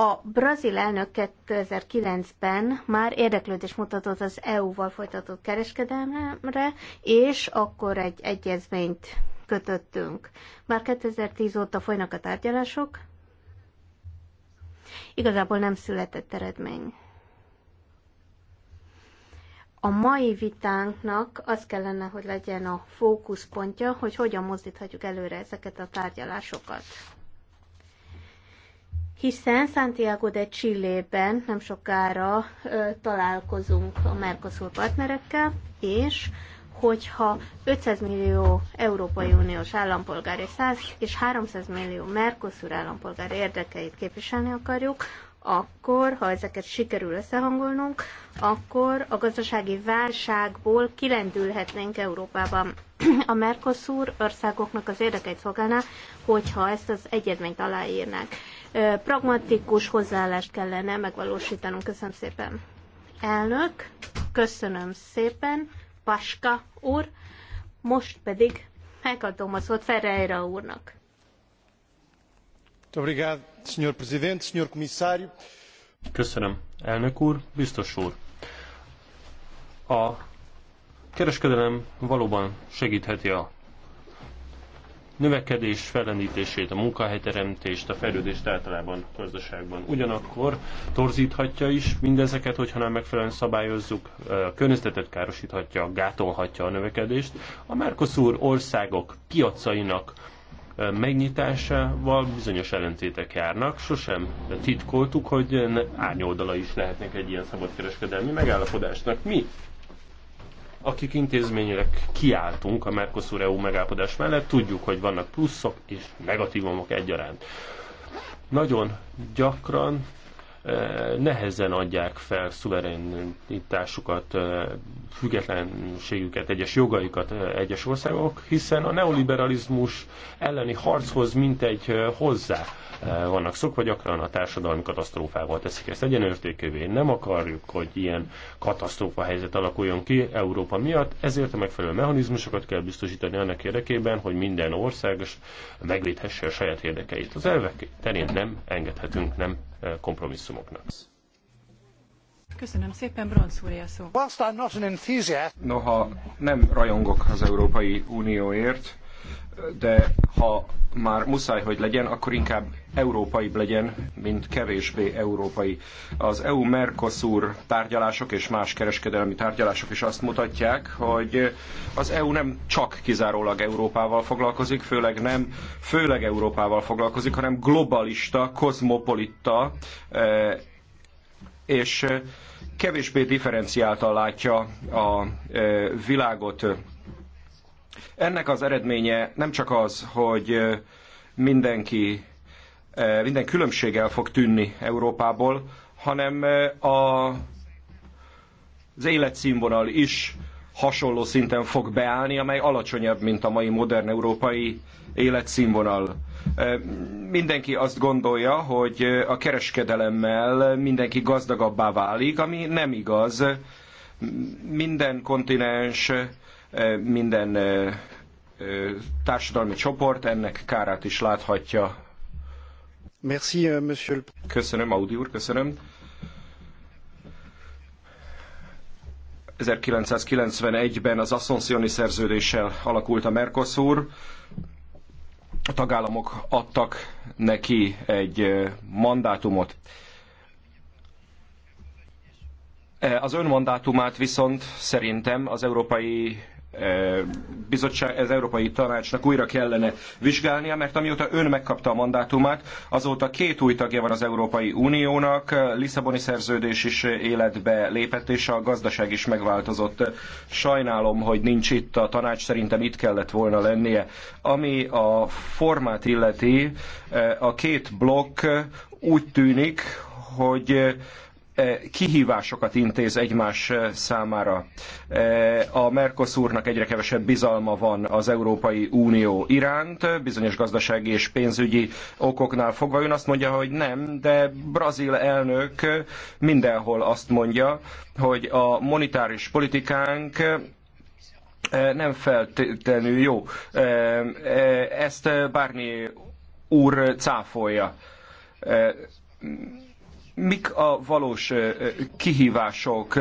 A brazil elnök 2009-ben már érdeklődést mutatott az EU-val folytatott kereskedelemre, és akkor egy egyezményt kötöttünk. Már 2010 óta folynak a tárgyalások, igazából nem született eredmény. A mai vitánknak az kellene, hogy legyen a fókuszpontja, hogy hogyan mozdíthatjuk előre ezeket a tárgyalásokat hiszen Santiago de Chile-ben nem sokára ö, találkozunk a Mercosur partnerekkel, és hogyha 500 millió Európai Uniós állampolgár és, 100 és 300 millió Mercosur állampolgár érdekeit képviselni akarjuk, akkor, ha ezeket sikerül összehangolnunk, akkor a gazdasági válságból kilendülhetnénk Európában. A Mercosur országoknak az érdekeit szolgálná, hogyha ezt az egyezményt aláírnák. Pragmatikus hozzáállást kellene megvalósítanunk. Köszönöm szépen. Elnök, köszönöm szépen, Paska úr, most pedig megadom a szót Ferreira úrnak. Obrigado. Senhor Presidente, Köszönöm, elnök úr, biztos úr. A kereskedelem valóban segítheti a növekedés fellendítését, a munkahelyteremtést, a fejlődést általában a gazdaságban. Ugyanakkor torzíthatja is mindezeket, hogyha nem megfelelően szabályozzuk, a környezetet károsíthatja, gátolhatja a növekedést. A Mercosur országok piacainak megnyitásával bizonyos ellentétek járnak. Sosem titkoltuk, hogy árnyoldala is lehetnek egy ilyen szabadkereskedelmi megállapodásnak. Mi, akik intézményileg kiálltunk a Mercosur-EU megállapodás mellett, tudjuk, hogy vannak pluszok és negatívumok egyaránt. Nagyon gyakran nehezen adják fel szuverenitásukat, függetlenségüket, egyes jogaikat egyes országok, hiszen a neoliberalizmus elleni harchoz mintegy hozzá vannak szokva, gyakran a társadalmi katasztrófával teszik ezt egyenértékűvé. Nem akarjuk, hogy ilyen katasztrófa helyzet alakuljon ki Európa miatt, ezért a megfelelő mechanizmusokat kell biztosítani annak érdekében, hogy minden ország megvédhesse a saját érdekeit. Az elvek terén nem engedhetünk, nem kompromisszumoknak. Köszönöm szépen, Bronz úr, szó. Noha nem rajongok az Európai Unióért, de ha már muszáj, hogy legyen, akkor inkább európaibb legyen, mint kevésbé európai. Az EU-Mercosur tárgyalások és más kereskedelmi tárgyalások is azt mutatják, hogy az EU nem csak kizárólag Európával foglalkozik, főleg nem főleg Európával foglalkozik, hanem globalista, kozmopolita eh, és kevésbé differenciáltan látja a eh, világot ennek az eredménye nem csak az, hogy mindenki, minden különbség el fog tűnni Európából, hanem a, az életszínvonal is hasonló szinten fog beállni, amely alacsonyabb, mint a mai modern európai életszínvonal. Mindenki azt gondolja, hogy a kereskedelemmel mindenki gazdagabbá válik, ami nem igaz. Minden kontinens minden társadalmi csoport ennek kárát is láthatja. Merci, euh, monsieur. Köszönöm, Audi úr, köszönöm. 1991-ben az Asszonszioni szerződéssel alakult a Mercosur. A tagállamok adtak neki egy mandátumot. Az önmandátumát viszont szerintem az Európai bizottság, az Európai Tanácsnak újra kellene vizsgálnia, mert amióta ön megkapta a mandátumát, azóta két új tagja van az Európai Uniónak, Lisszaboni szerződés is életbe lépett, és a gazdaság is megváltozott. Sajnálom, hogy nincs itt a tanács, szerintem itt kellett volna lennie. Ami a formát illeti, a két blokk úgy tűnik, hogy E, kihívásokat intéz egymás e, számára. E, a Mercosurnak egyre kevesebb bizalma van az Európai Unió iránt, bizonyos gazdasági és pénzügyi okoknál fogva. Ön azt mondja, hogy nem, de brazil elnök mindenhol azt mondja, hogy a monetáris politikánk nem feltétlenül jó. Ezt Barnier úr cáfolja mik a valós kihívások.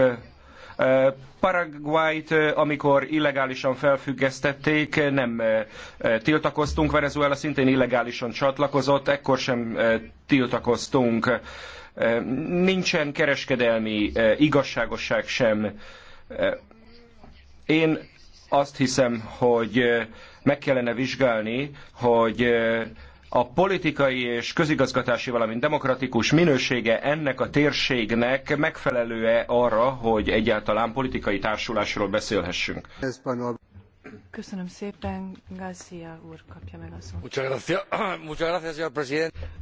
Paraguayt, amikor illegálisan felfüggesztették, nem tiltakoztunk, Venezuela szintén illegálisan csatlakozott, ekkor sem tiltakoztunk. Nincsen kereskedelmi igazságosság sem. Én azt hiszem, hogy meg kellene vizsgálni, hogy a politikai és közigazgatási, valamint demokratikus minősége ennek a térségnek megfelelő-e arra, hogy egyáltalán politikai társulásról beszélhessünk? Köszönöm szépen, Garcia úr kapja meg a szót.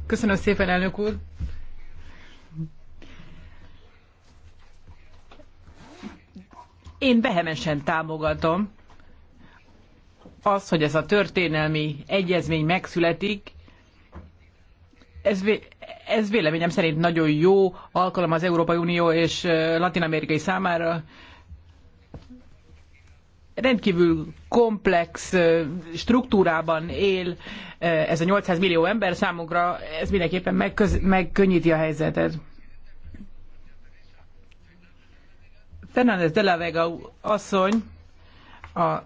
Köszönöm szépen, elnök úr. Én vehemensen támogatom azt, hogy ez a történelmi egyezmény megszületik, ez, ez véleményem szerint nagyon jó alkalom az Európai Unió és Latin-amerikai számára. Rendkívül komplex struktúrában él ez a 800 millió ember számunkra, ez mindenképpen megköz, megkönnyíti a helyzetet. Fernández de la Vega asszony, a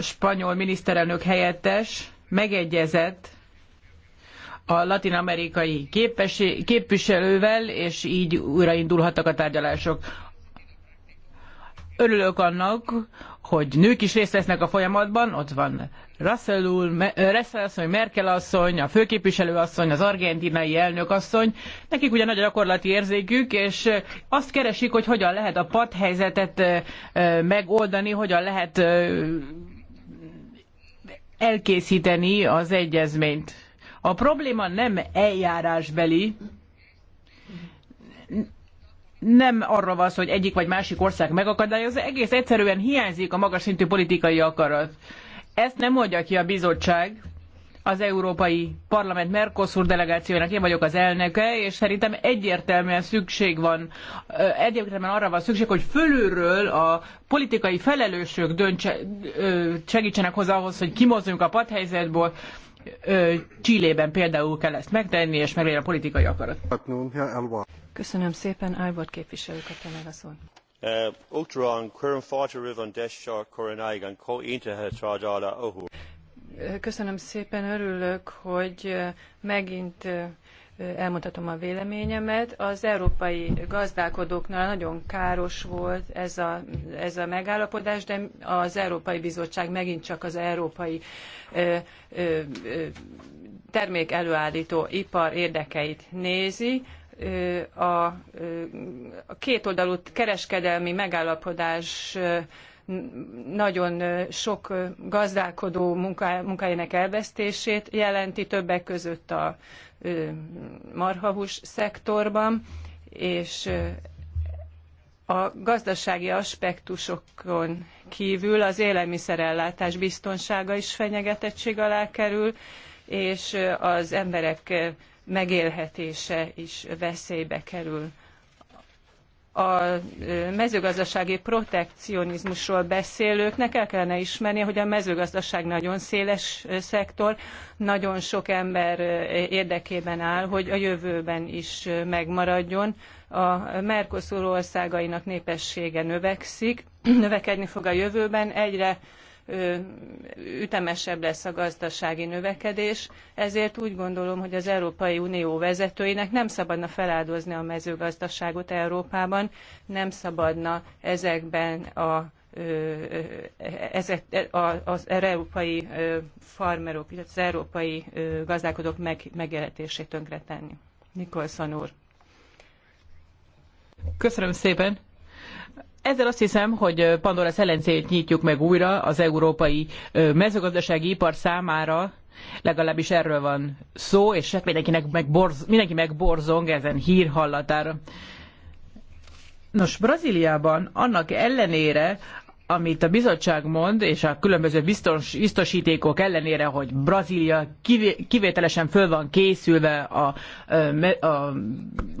spanyol miniszterelnök helyettes megegyezett a latin-amerikai képviselővel, és így újraindulhattak a tárgyalások. Örülök annak, hogy nők is részt vesznek a folyamatban, ott van Russell úr, eh, Russell asszony, Merkel asszony, a főképviselő asszony, az argentinai elnök asszony, nekik ugye nagy a gyakorlati érzékük, és eh, azt keresik, hogy hogyan lehet a padhelyzetet eh, megoldani, hogyan lehet elkészíteni az egyezményt. A probléma nem eljárásbeli, nem arra van szó, hogy egyik vagy másik ország megakadályozza, egész egyszerűen hiányzik a magas szintű politikai akarat. Ezt nem mondja ki a bizottság, az Európai Parlament Mercosur delegációjának én vagyok az elnöke, és szerintem egyértelműen szükség van, egyértelműen arra van szükség, hogy fölülről a politikai felelősök döntse, segítsenek hozzá ahhoz, hogy kimozduljunk a padhelyzetből, Csillében például kell ezt megtenni, és meglegyen a politikai akarat. Köszönöm szépen, Álvard képviselő kapja meg a szót. Köszönöm szépen, örülök, hogy megint elmondhatom a véleményemet. Az európai gazdálkodóknál nagyon káros volt ez a, ez a megállapodás, de az Európai Bizottság megint csak az európai ö, ö, termék előállító ipar érdekeit nézi, a, kétoldalú kereskedelmi megállapodás nagyon sok gazdálkodó munkájának elvesztését jelenti, többek között a marhahús szektorban, és a gazdasági aspektusokon kívül az élelmiszerellátás biztonsága is fenyegetettség alá kerül, és az emberek megélhetése is veszélybe kerül a mezőgazdasági protekcionizmusról beszélőknek el kellene ismerni, hogy a mezőgazdaság nagyon széles szektor, nagyon sok ember érdekében áll, hogy a jövőben is megmaradjon. A Mercosur országainak népessége növekszik, növekedni fog a jövőben, egyre ütemesebb lesz a gazdasági növekedés, ezért úgy gondolom, hogy az Európai Unió vezetőinek nem szabadna feláldozni a mezőgazdaságot Európában, nem szabadna ezekben a ezek, az európai farmerok, illetve az európai gazdálkodók meg, megjelenését tönkretenni. Nikolson úr. Köszönöm szépen ezzel azt hiszem, hogy Pandora szelencéjét nyitjuk meg újra az európai mezőgazdasági ipar számára, legalábbis erről van szó, és hát mindenkinek megborz, mindenki megborzong ezen hír hallatára. Nos, Brazíliában annak ellenére, amit a bizottság mond, és a különböző biztos, biztosítékok ellenére, hogy Brazília kivételesen föl van készülve a, a, a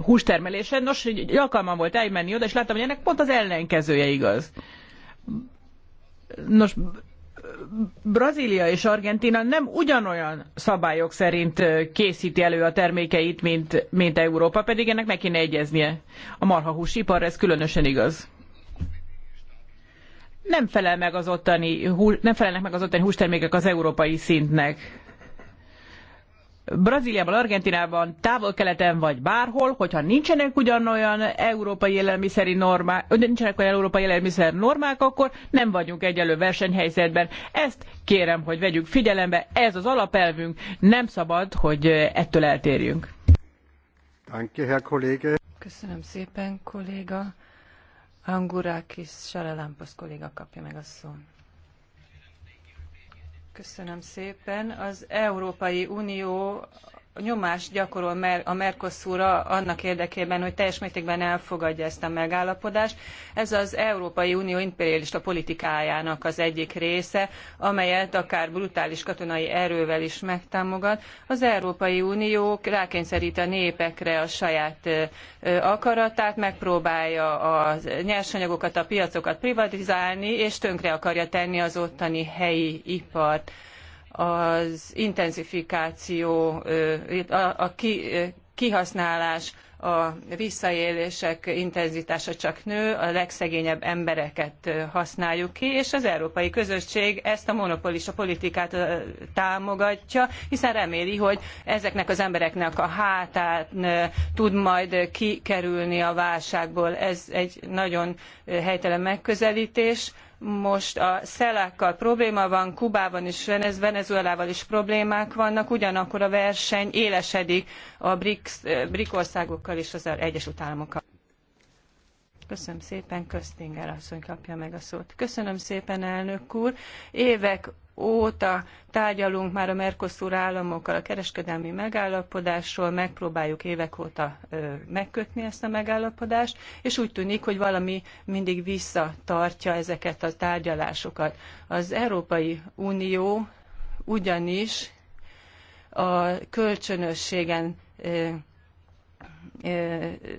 hústermelésen, nos, egy alkalmam volt elmenni oda, és láttam, hogy ennek pont az ellenkezője igaz. Nos, Brazília és Argentína nem ugyanolyan szabályok szerint készíti elő a termékeit, mint, mint Európa, pedig ennek meg kéne egyeznie. A marhahúsipar, ez különösen igaz nem, felel meg az ottani, nem felelnek meg az ottani hústermékek az európai szintnek. Brazíliában, Argentinában, távol-keleten vagy bárhol, hogyha nincsenek ugyanolyan európai élelmiszeri normák, nincsenek olyan európai élelmiszer normák, akkor nem vagyunk egyelő versenyhelyzetben. Ezt kérem, hogy vegyük figyelembe, ez az alapelvünk, nem szabad, hogy ettől eltérjünk. Köszönöm szépen, kolléga. Angurakis Saralámpos kolléga kapja meg a szót. Köszönöm szépen. Az Európai Unió nyomást gyakorol a Mercosurra annak érdekében, hogy teljes mértékben elfogadja ezt a megállapodást. Ez az Európai Unió imperialista politikájának az egyik része, amelyet akár brutális katonai erővel is megtámogat. Az Európai Unió rákényszerít a népekre a saját akaratát, megpróbálja a nyersanyagokat, a piacokat privatizálni, és tönkre akarja tenni az ottani helyi ipart az intenzifikáció, a kihasználás, a visszaélések intenzitása csak nő, a legszegényebb embereket használjuk ki, és az európai közösség ezt a monopolista politikát támogatja, hiszen reméli, hogy ezeknek az embereknek a hátát tud majd kikerülni a válságból. Ez egy nagyon helytelen megközelítés most a szelákkal probléma van, Kubában is, Venezuelával is problémák vannak, ugyanakkor a verseny élesedik a BRICS, eh, BRIC országokkal és az Egyesült Államokkal. Köszönöm szépen, Köztinger asszony kapja meg a szót. Köszönöm szépen, elnök úr. Évek óta tárgyalunk már a Mercosur államokkal a kereskedelmi megállapodásról, megpróbáljuk évek óta megkötni ezt a megállapodást, és úgy tűnik, hogy valami mindig visszatartja ezeket a tárgyalásokat. Az Európai Unió ugyanis a kölcsönösségen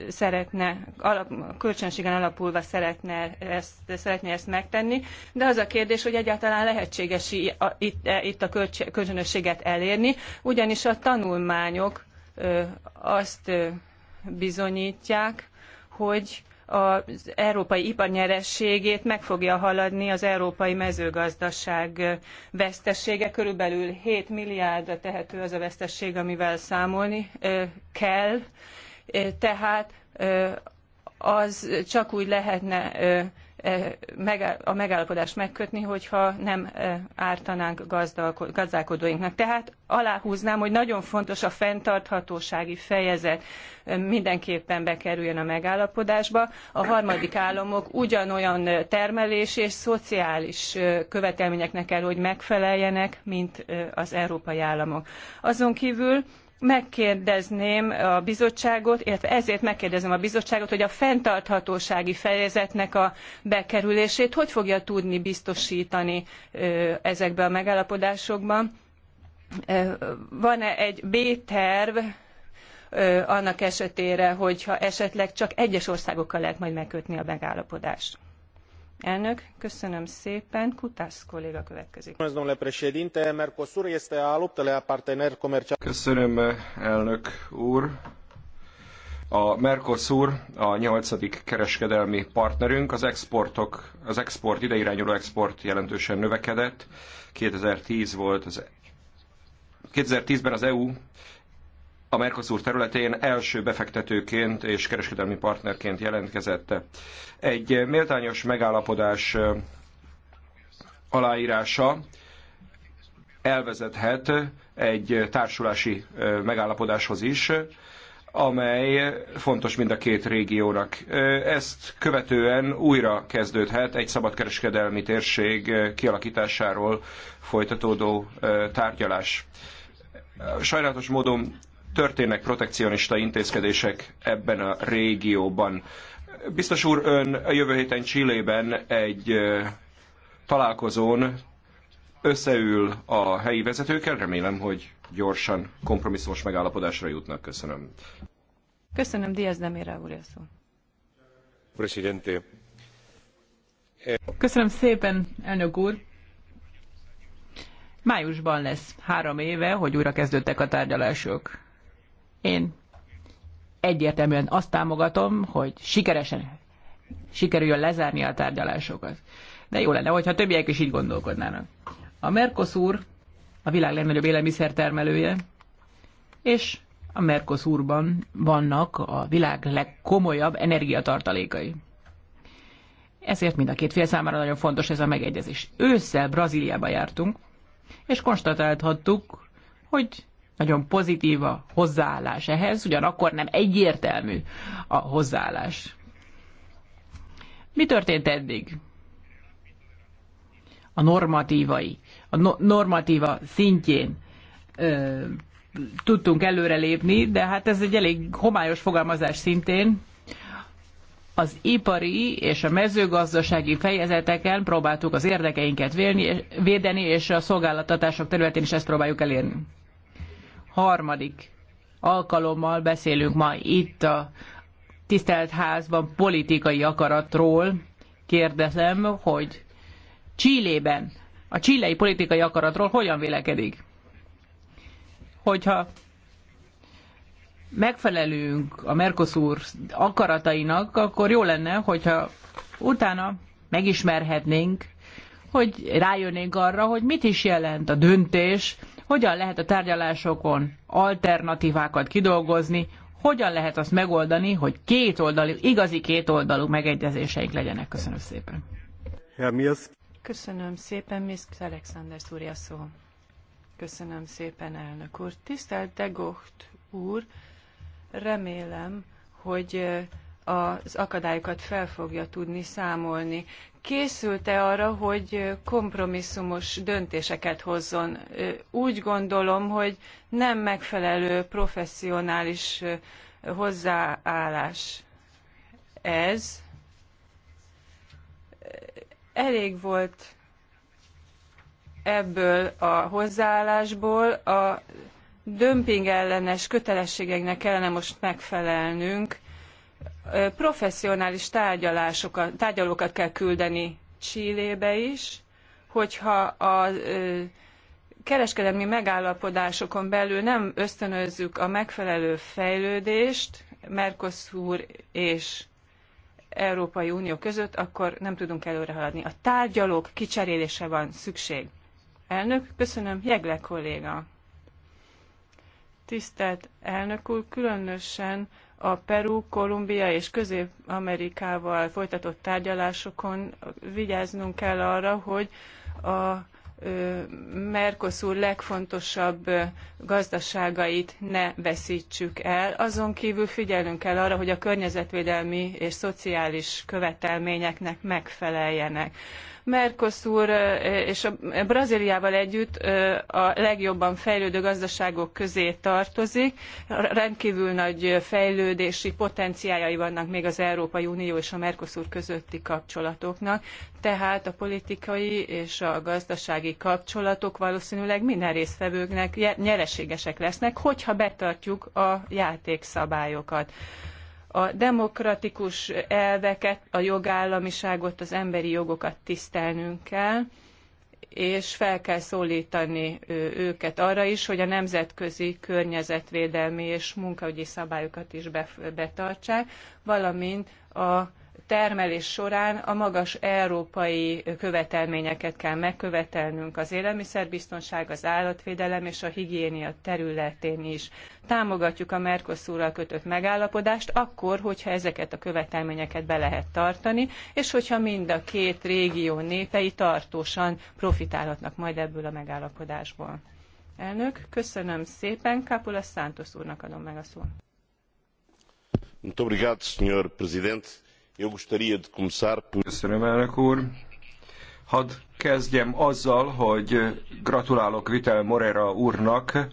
szeretne, alap, kölcsönségen alapulva szeretne ezt, szeretné ezt megtenni, de az a kérdés, hogy egyáltalán lehetséges itt, e, itt a kölcsönösséget elérni, ugyanis a tanulmányok azt bizonyítják, hogy az európai iparnyerességét meg fogja haladni az európai mezőgazdaság vesztesége. Körülbelül 7 milliárdra tehető az a veszteség, amivel számolni kell tehát az csak úgy lehetne a megállapodást megkötni, hogyha nem ártanánk gazdálkodóinknak. Tehát aláhúznám, hogy nagyon fontos a fenntarthatósági fejezet mindenképpen bekerüljön a megállapodásba. A harmadik államok ugyanolyan termelés és szociális követelményeknek kell, hogy megfeleljenek, mint az európai államok. Azon kívül megkérdezném a bizottságot, illetve ezért megkérdezem a bizottságot, hogy a fenntarthatósági fejezetnek a bekerülését hogy fogja tudni biztosítani ezekbe a megállapodásokban. Van-e egy B-terv annak esetére, hogyha esetleg csak egyes országokkal lehet majd megkötni a megállapodást? Elnök, köszönöm szépen. Kutász kolléga következik. Mercosur este a loptelea partener comercial. Köszönöm, elnök úr. A Mercosur a nyolcadik kereskedelmi partnerünk, az exportok, az export, ideirányuló export jelentősen növekedett. 2010 volt az 2010-ben az EU a Mercosur területén első befektetőként és kereskedelmi partnerként jelentkezett. Egy méltányos megállapodás aláírása elvezethet egy társulási megállapodáshoz is, amely fontos mind a két régiónak. Ezt követően újra kezdődhet egy szabadkereskedelmi térség kialakításáról folytatódó tárgyalás. Sajnálatos módon történnek protekcionista intézkedések ebben a régióban. Biztos úr, ön a jövő héten Csillében egy találkozón összeül a helyi vezetőkkel, remélem, hogy gyorsan kompromisszumos megállapodásra jutnak. Köszönöm. Köszönöm, Diaz Demira úr, szó. Presidente. Köszönöm szépen, elnök úr. Májusban lesz három éve, hogy újra kezdődtek a tárgyalások. Én egyértelműen azt támogatom, hogy sikeresen sikerüljön lezárni a tárgyalásokat. De jó lenne, hogyha többiek is így gondolkodnának. A Mercosur a világ legnagyobb élelmiszertermelője, és a Mercosurban vannak a világ legkomolyabb energiatartalékai. Ezért mind a két fél számára nagyon fontos ez a megegyezés. Ősszel Brazíliába jártunk, és konstatálhattuk, hogy nagyon pozitív a hozzáállás ehhez, ugyanakkor nem egyértelmű a hozzáállás. Mi történt eddig? A normatívai, a no- normatíva szintjén ö, tudtunk előrelépni, de hát ez egy elég homályos fogalmazás szintén. Az ipari és a mezőgazdasági fejezeteken próbáltuk az érdekeinket védeni, és a szolgáltatások területén is ezt próbáljuk elérni harmadik alkalommal beszélünk ma itt a tisztelt házban politikai akaratról. Kérdezem, hogy Csillében a csilei politikai akaratról hogyan vélekedik? Hogyha megfelelünk a Mercosur akaratainak, akkor jó lenne, hogyha utána megismerhetnénk, hogy rájönnénk arra, hogy mit is jelent a döntés, hogyan lehet a tárgyalásokon alternatívákat kidolgozni, hogyan lehet azt megoldani, hogy kétoldalú, igazi kétoldalú megegyezéseik legyenek. Köszönöm szépen. Köszönöm szépen, Misk Alexander Szúria szó. Köszönöm szépen, elnök úr. Tisztelt Degocht úr, remélem, hogy eh, az akadályokat fel fogja tudni számolni készült-e arra, hogy kompromisszumos döntéseket hozzon. Úgy gondolom, hogy nem megfelelő professzionális hozzáállás ez. Elég volt ebből a hozzáállásból, a dömping ellenes kötelességeknek kellene most megfelelnünk, professzionális tárgyalásokat, tárgyalókat kell küldeni Csillébe is, hogyha a kereskedelmi megállapodásokon belül nem ösztönözzük a megfelelő fejlődést Mercosur és Európai Unió között, akkor nem tudunk előrehaladni. A tárgyalók kicserélése van szükség. Elnök, köszönöm, Jegle kolléga. Tisztelt elnök úr, különösen a Peru, Kolumbia és Közép-Amerikával folytatott tárgyalásokon vigyáznunk kell arra, hogy a Mercosur legfontosabb gazdaságait ne veszítsük el. Azon kívül figyelünk kell arra, hogy a környezetvédelmi és szociális követelményeknek megfeleljenek. Mercosur és a Brazíliával együtt a legjobban fejlődő gazdaságok közé tartozik. Rendkívül nagy fejlődési potenciáljai vannak még az Európai Unió és a Mercosur közötti kapcsolatoknak, tehát a politikai és a gazdasági kapcsolatok valószínűleg minden résztvevőknek nyereségesek lesznek, hogyha betartjuk a játékszabályokat a demokratikus elveket, a jogállamiságot, az emberi jogokat tisztelnünk kell, és fel kell szólítani őket arra is, hogy a nemzetközi környezetvédelmi és munkaügyi szabályokat is betartsák, valamint a termelés során a magas európai követelményeket kell megkövetelnünk az élelmiszerbiztonság, az állatvédelem és a higiénia területén is. Támogatjuk a Mercosurral kötött megállapodást akkor, hogyha ezeket a követelményeket be lehet tartani, és hogyha mind a két régió népei tartósan profitálhatnak majd ebből a megállapodásból. Elnök, köszönöm szépen, Kapula Santos úrnak adom meg a szót. Muito obrigado, Sr. Presidente Eu gostaria de começar por... Köszönöm, elnök úr. Hadd kezdjem azzal, hogy gratulálok Vitel Morera úrnak,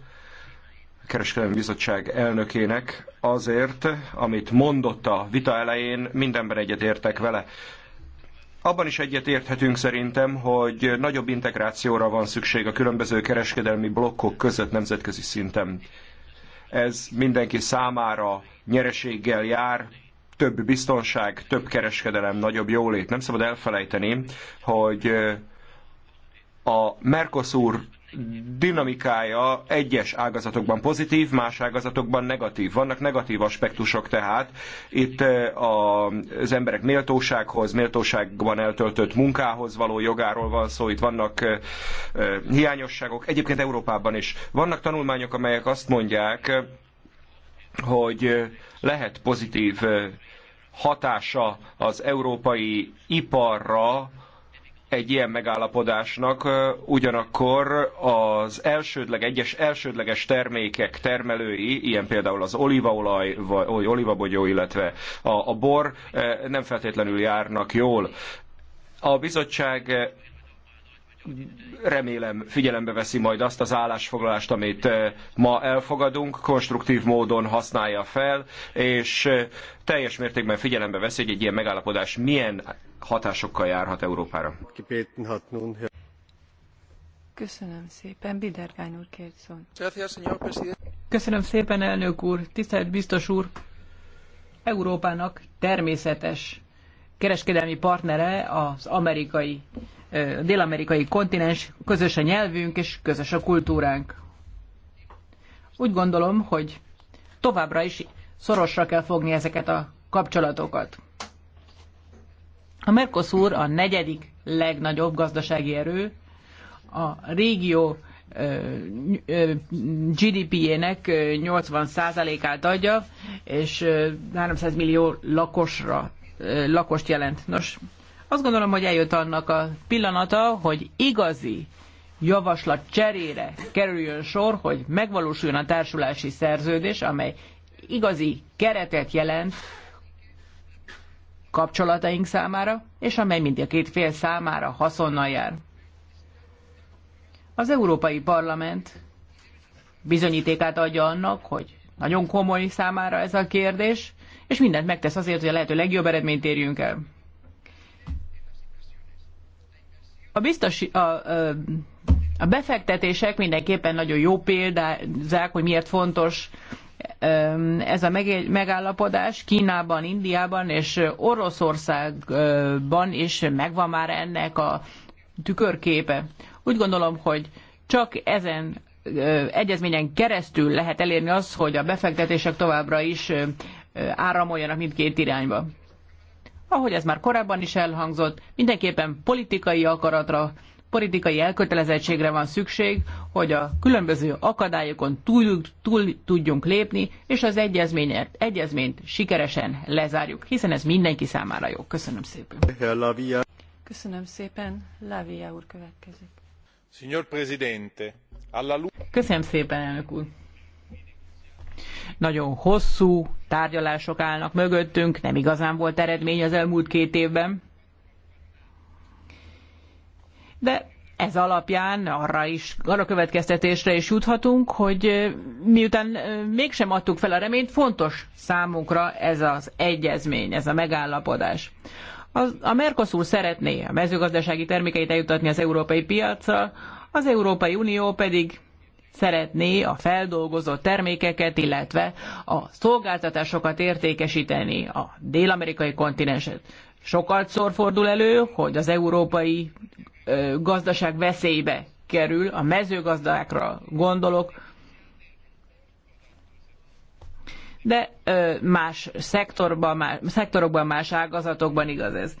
kereskedelmi bizottság elnökének azért, amit mondott a vita elején, mindenben egyetértek vele. Abban is egyetérthetünk szerintem, hogy nagyobb integrációra van szükség a különböző kereskedelmi blokkok között nemzetközi szinten. Ez mindenki számára nyereséggel jár, több biztonság, több kereskedelem, nagyobb jólét. Nem szabad elfelejteni, hogy a Mercosur dinamikája egyes ágazatokban pozitív, más ágazatokban negatív. Vannak negatív aspektusok tehát. Itt az emberek méltósághoz, méltóságban eltöltött munkához való jogáról van szó, itt vannak hiányosságok, egyébként Európában is. Vannak tanulmányok, amelyek azt mondják, hogy lehet pozitív hatása az európai iparra egy ilyen megállapodásnak, ugyanakkor az elsődleg, egyes elsődleges termékek termelői, ilyen például az olívaolaj, vagy olivabogyó, illetve a, a bor nem feltétlenül járnak jól. A bizottság remélem figyelembe veszi majd azt az állásfoglalást, amit eh, ma elfogadunk, konstruktív módon használja fel, és eh, teljes mértékben figyelembe veszi, hogy egy ilyen megállapodás milyen hatásokkal járhat Európára. Köszönöm szépen, Bidergány úr kért Köszönöm szépen, elnök úr, tisztelt biztos úr. Európának természetes kereskedelmi partnere az amerikai, dél-amerikai kontinens, közös a nyelvünk és közös a kultúránk. Úgy gondolom, hogy továbbra is szorosra kell fogni ezeket a kapcsolatokat. A Mercosur a negyedik legnagyobb gazdasági erő, a régió GDP-jének 80%-át adja, és 300 millió lakosra lakost jelent. Nos, azt gondolom, hogy eljött annak a pillanata, hogy igazi javaslat cserére kerüljön sor, hogy megvalósuljon a társulási szerződés, amely igazi keretet jelent kapcsolataink számára, és amely mind a két fél számára haszonnal jár. Az Európai Parlament bizonyítékát adja annak, hogy nagyon komoly számára ez a kérdés, és mindent megtesz azért, hogy a lehető legjobb eredményt érjünk el. A, biztos, a, a, a befektetések mindenképpen nagyon jó példázák, hogy miért fontos ez a megállapodás Kínában, Indiában és Oroszországban is megvan már ennek a tükörképe. Úgy gondolom, hogy csak ezen egyezményen keresztül lehet elérni azt, hogy a befektetések továbbra is áramoljanak mindkét irányba. Ahogy ez már korábban is elhangzott, mindenképpen politikai akaratra, politikai elkötelezettségre van szükség, hogy a különböző akadályokon túl, túl tudjunk lépni, és az egyezményt, egyezményt sikeresen lezárjuk, hiszen ez mindenki számára jó. Köszönöm szépen. Köszönöm szépen. Lavia úr következik. Signor Presidente, alla... Köszönöm szépen, elnök úr. Nagyon hosszú tárgyalások állnak mögöttünk, nem igazán volt eredmény az elmúlt két évben. De ez alapján arra is, arra következtetésre is juthatunk, hogy miután mégsem adtuk fel a reményt, fontos számunkra ez az egyezmény, ez a megállapodás. a Mercosur szeretné a mezőgazdasági termékeit eljutatni az európai piacra, az Európai Unió pedig szeretné a feldolgozott termékeket, illetve a szolgáltatásokat értékesíteni a dél-amerikai kontinenset. Sokkal szor fordul elő, hogy az európai ö, gazdaság veszélybe kerül, a mezőgazdákra gondolok, de ö, más szektorban, más, szektorokban, más ágazatokban igaz ez.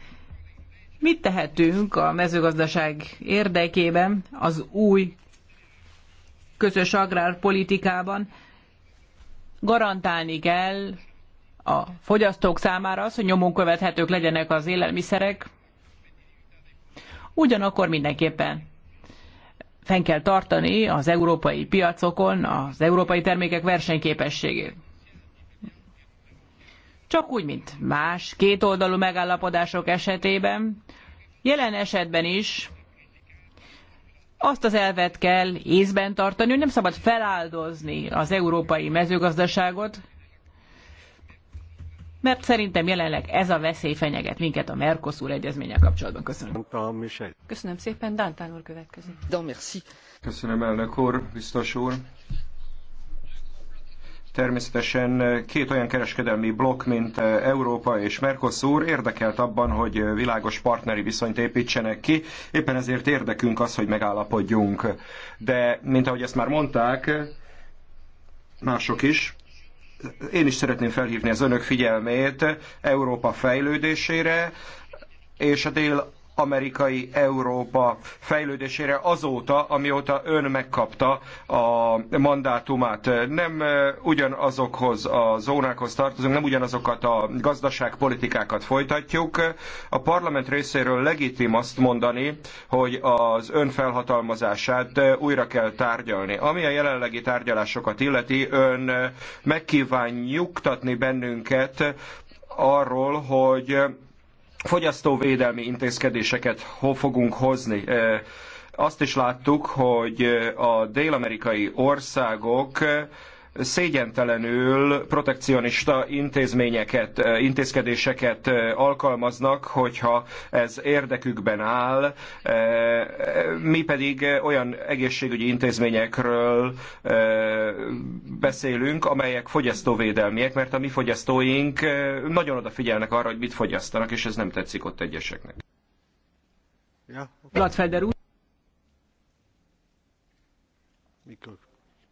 Mit tehetünk a mezőgazdaság érdekében az új közös agrárpolitikában garantálni kell a fogyasztók számára az, hogy nyomon követhetők legyenek az élelmiszerek, ugyanakkor mindenképpen fenn kell tartani az európai piacokon az európai termékek versenyképességét. Csak úgy, mint más kétoldalú megállapodások esetében, jelen esetben is azt az elvet kell észben tartani, hogy nem szabad feláldozni az európai mezőgazdaságot, mert szerintem jelenleg ez a veszély fenyeget minket a Mercosur egyezménnyel kapcsolatban. Köszönöm. Köszönöm szépen, Dántán úr következik. Köszönöm elnök úr, biztos úr. Természetesen eh, két olyan kereskedelmi blokk, mint eh, Európa és Mercosur érdekelt abban, hogy eh, világos partneri viszonyt építsenek ki. Éppen ezért érdekünk az, hogy megállapodjunk. De, mint ahogy ezt már mondták, mások is, én is szeretném felhívni az önök figyelmét Európa fejlődésére, és a dél amerikai Európa fejlődésére azóta, amióta ön megkapta a mandátumát. Nem ugyanazokhoz a zónákhoz tartozunk, nem ugyanazokat a gazdaságpolitikákat folytatjuk. A parlament részéről legitim azt mondani, hogy az ön felhatalmazását újra kell tárgyalni. Ami a jelenlegi tárgyalásokat illeti, ön megkíván nyugtatni bennünket arról, hogy fogyasztóvédelmi intézkedéseket hol fogunk hozni. Azt is láttuk, hogy a dél-amerikai országok szégyentelenül protekcionista intézményeket, eh, intézkedéseket eh, alkalmaznak, hogyha ez érdekükben áll. Eh, mi pedig olyan egészségügyi intézményekről beszélünk, amelyek fogyasztóvédelmiek, mert a mi fogyasztóink nagyon odafigyelnek arra, hogy mit fogyasztanak, és ez nem tetszik ott egyeseknek. Ja. úr. Mikor?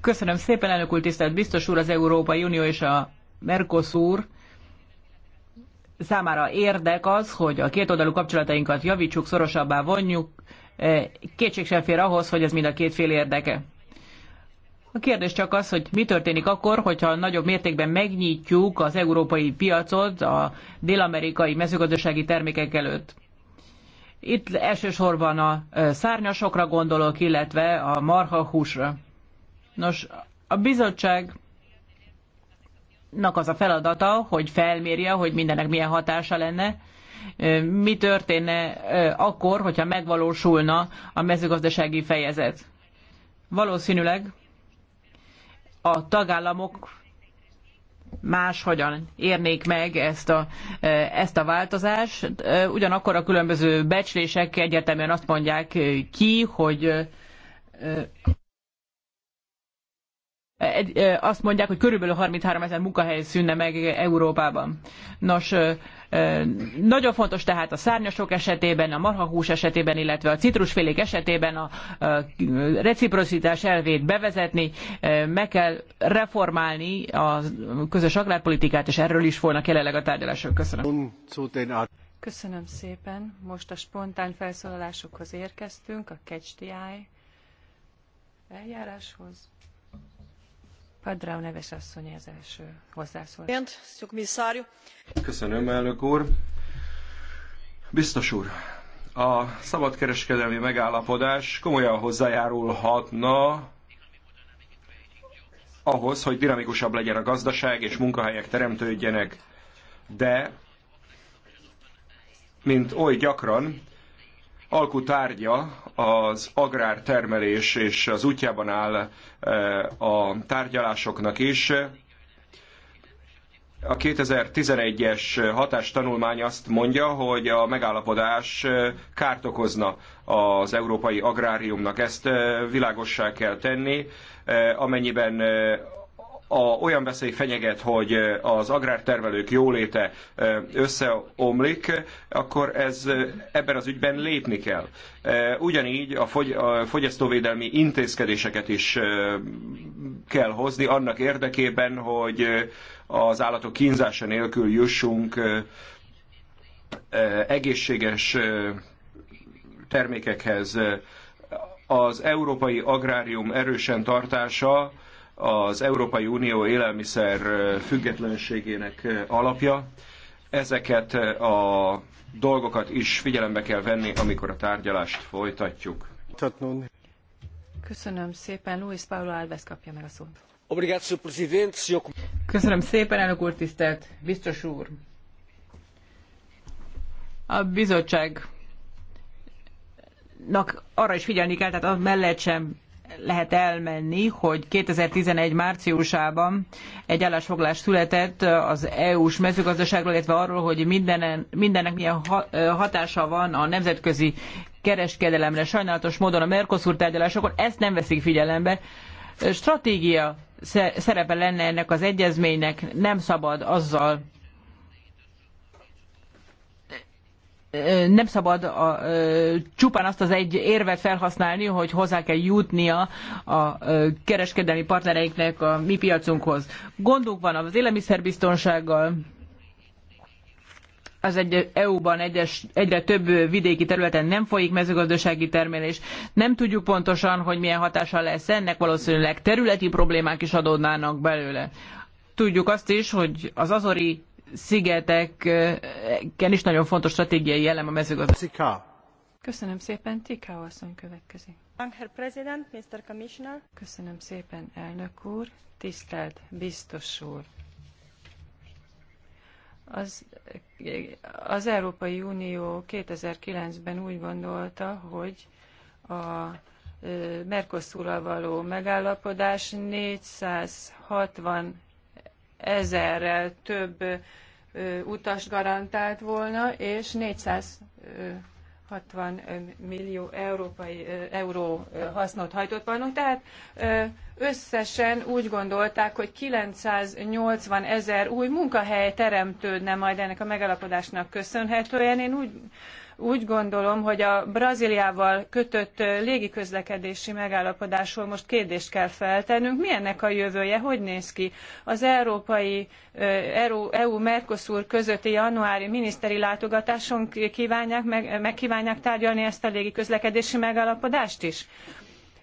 Köszönöm szépen, elnök úr, tisztelt biztos úr, az Európai Unió és a Mercosur számára érdek az, hogy a kétoldalú kapcsolatainkat javtsuk szorosabbá vonjuk. E, kétség sem fér ahhoz, hogy ez mind a két fél érdeke. A kérdés csak az, hogy mi történik akkor, hogyha nagyobb mértékben megnyitjuk az európai piacot a dél-amerikai mezőgazdasági termékek előtt. Itt elsősorban a szárnyasokra gondolok, illetve a marha húsra. Nos, a bizottságnak az a feladata, hogy felmérje, hogy mindennek milyen hatása lenne, mi történne akkor, hogyha megvalósulna a mezőgazdasági fejezet. Valószínűleg a tagállamok máshogyan érnék meg ezt a, e, ezt a változást. E, ugyanakkor a különböző becslések egyértelműen azt mondják ki, hogy e, azt mondják, hogy körülbelül 33 ezer munkahely szűnne meg Európában. Nos, nagyon fontos tehát a szárnyasok esetében, a marhahús esetében, illetve a citrusfélék esetében a reciprocitás elvét bevezetni, meg kell reformálni a közös agrárpolitikát, és erről is folynak jelenleg a tárgyalások. Köszönöm. Köszönöm szépen. Most a spontán felszólalásokhoz érkeztünk, a Catch the Eye eljáráshoz. Padrao neves asszony az első hozzászól. Köszönöm, elnök úr. Biztos úr, a szabadkereskedelmi megállapodás komolyan hozzájárulhatna ahhoz, hogy dinamikusabb legyen a gazdaság és munkahelyek teremtődjenek. De, mint oly gyakran, alkutárgya az agrártermelés, és az útjában áll eh, a tárgyalásoknak is. A 2011-es hatástanulmány azt mondja, hogy a megállapodás eh, kárt okozna az európai agráriumnak. Ezt eh, világossá kell tenni, amennyiben a, olyan veszély fenyeget, hogy az agrártermelők jóléte összeomlik, akkor ez ebben az ügyben lépni kell. Ugyanígy a, fogy, a fogyasztóvédelmi intézkedéseket is kell hozni annak érdekében, hogy az állatok kínzása nélkül jussunk egészséges termékekhez. Az európai agrárium erősen tartása az Európai Unió élelmiszer függetlenségének alapja. Ezeket a dolgokat is figyelembe kell venni, amikor a tárgyalást folytatjuk. Köszönöm szépen. Luis Paulo Alves kapja meg a szót. Köszönöm szépen, elnök úr, tisztelt biztos úr. A bizottságnak arra is figyelni kell, tehát a mellett sem lehet elmenni, hogy 2011 márciusában egy állásfoglás született az EU-s mezőgazdaságról, illetve arról, hogy mindenen, mindennek milyen hatása van a nemzetközi kereskedelemre. Sajnálatos módon a Mercosur tárgyalásokon ezt nem veszik figyelembe. Stratégia szerepe lenne ennek az egyezménynek, nem szabad azzal nem szabad a, csupán azt az egy érvet felhasználni, hogy hozzá kell jutnia a kereskedelmi partnereinknek a mi piacunkhoz. Gondunk van az élelmiszerbiztonsággal, az egy, EU-ban egyes, egyre több vidéki területen nem folyik mezőgazdasági termelés. Nem tudjuk pontosan, hogy milyen hatása lesz ennek, valószínűleg területi problémák is adódnának belőle. Tudjuk azt is, hogy az azori szigeteken is nagyon fontos stratégiai elem a mezőgazdaság. Köszönöm szépen, Tika, asszony következik. Köszönöm szépen, elnök úr, tisztelt biztos úr. Az, az Európai Unió 2009-ben úgy gondolta, hogy a Mercosurral való megállapodás 460 ezerrel több utas garantált volna, és 460 millió európai euró hasznot hajtott volna. Tehát összesen úgy gondolták, hogy 980 ezer új munkahely teremtődne majd ennek a megalapodásnak köszönhetően. Én úgy úgy gondolom, hogy a Brazíliával kötött légiközlekedési megállapodásról most kérdést kell feltennünk. Mi ennek a jövője? Hogy néz ki? Az Európai EU-Mercosur e közötti januári miniszteri látogatáson kívánják, meg, megkívánják tárgyalni ezt a légiközlekedési megállapodást is?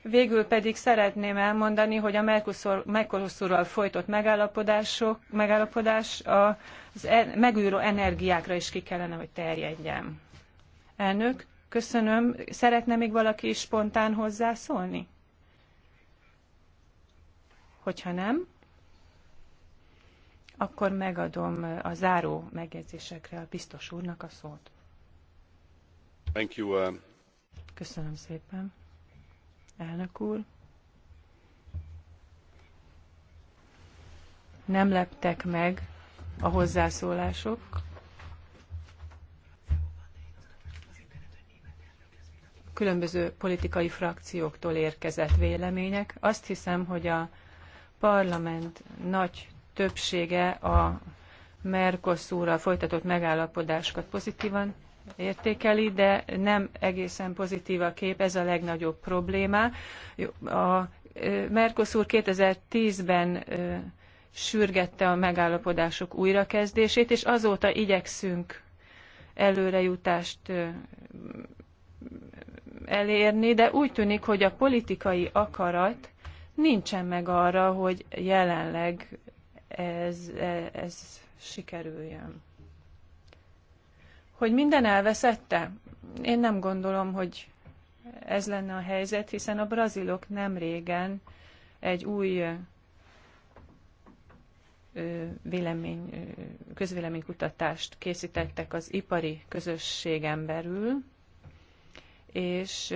Végül pedig szeretném elmondani, hogy a Mercosurral folytott megállapodások, megállapodás az megújuló energiákra is ki kellene, hogy terjedjen. Elnök, köszönöm. Szeretne még valaki is spontán hozzászólni? Hogyha nem, akkor megadom a záró megjegyzésekre a biztos úrnak a szót. Thank you, uh... Köszönöm szépen. Elnök úr. Nem leptek meg a hozzászólások, különböző politikai frakcióktól érkezett vélemények. Azt hiszem, hogy a parlament nagy többsége a Mercosur-ral folytatott megállapodásokat pozitívan értékeli, de nem egészen pozitív a kép, ez a legnagyobb probléma. A Mercosur 2010-ben sürgette a megállapodások újrakezdését, és azóta igyekszünk előrejutást elérni, de úgy tűnik, hogy a politikai akarat nincsen meg arra, hogy jelenleg ez, e, ez sikerüljön. Hogy minden elveszette? Én nem gondolom, hogy ez lenne a helyzet, hiszen a brazilok nem régen egy új vélemény, közvéleménykutatást készítettek az ipari közösségen belül, és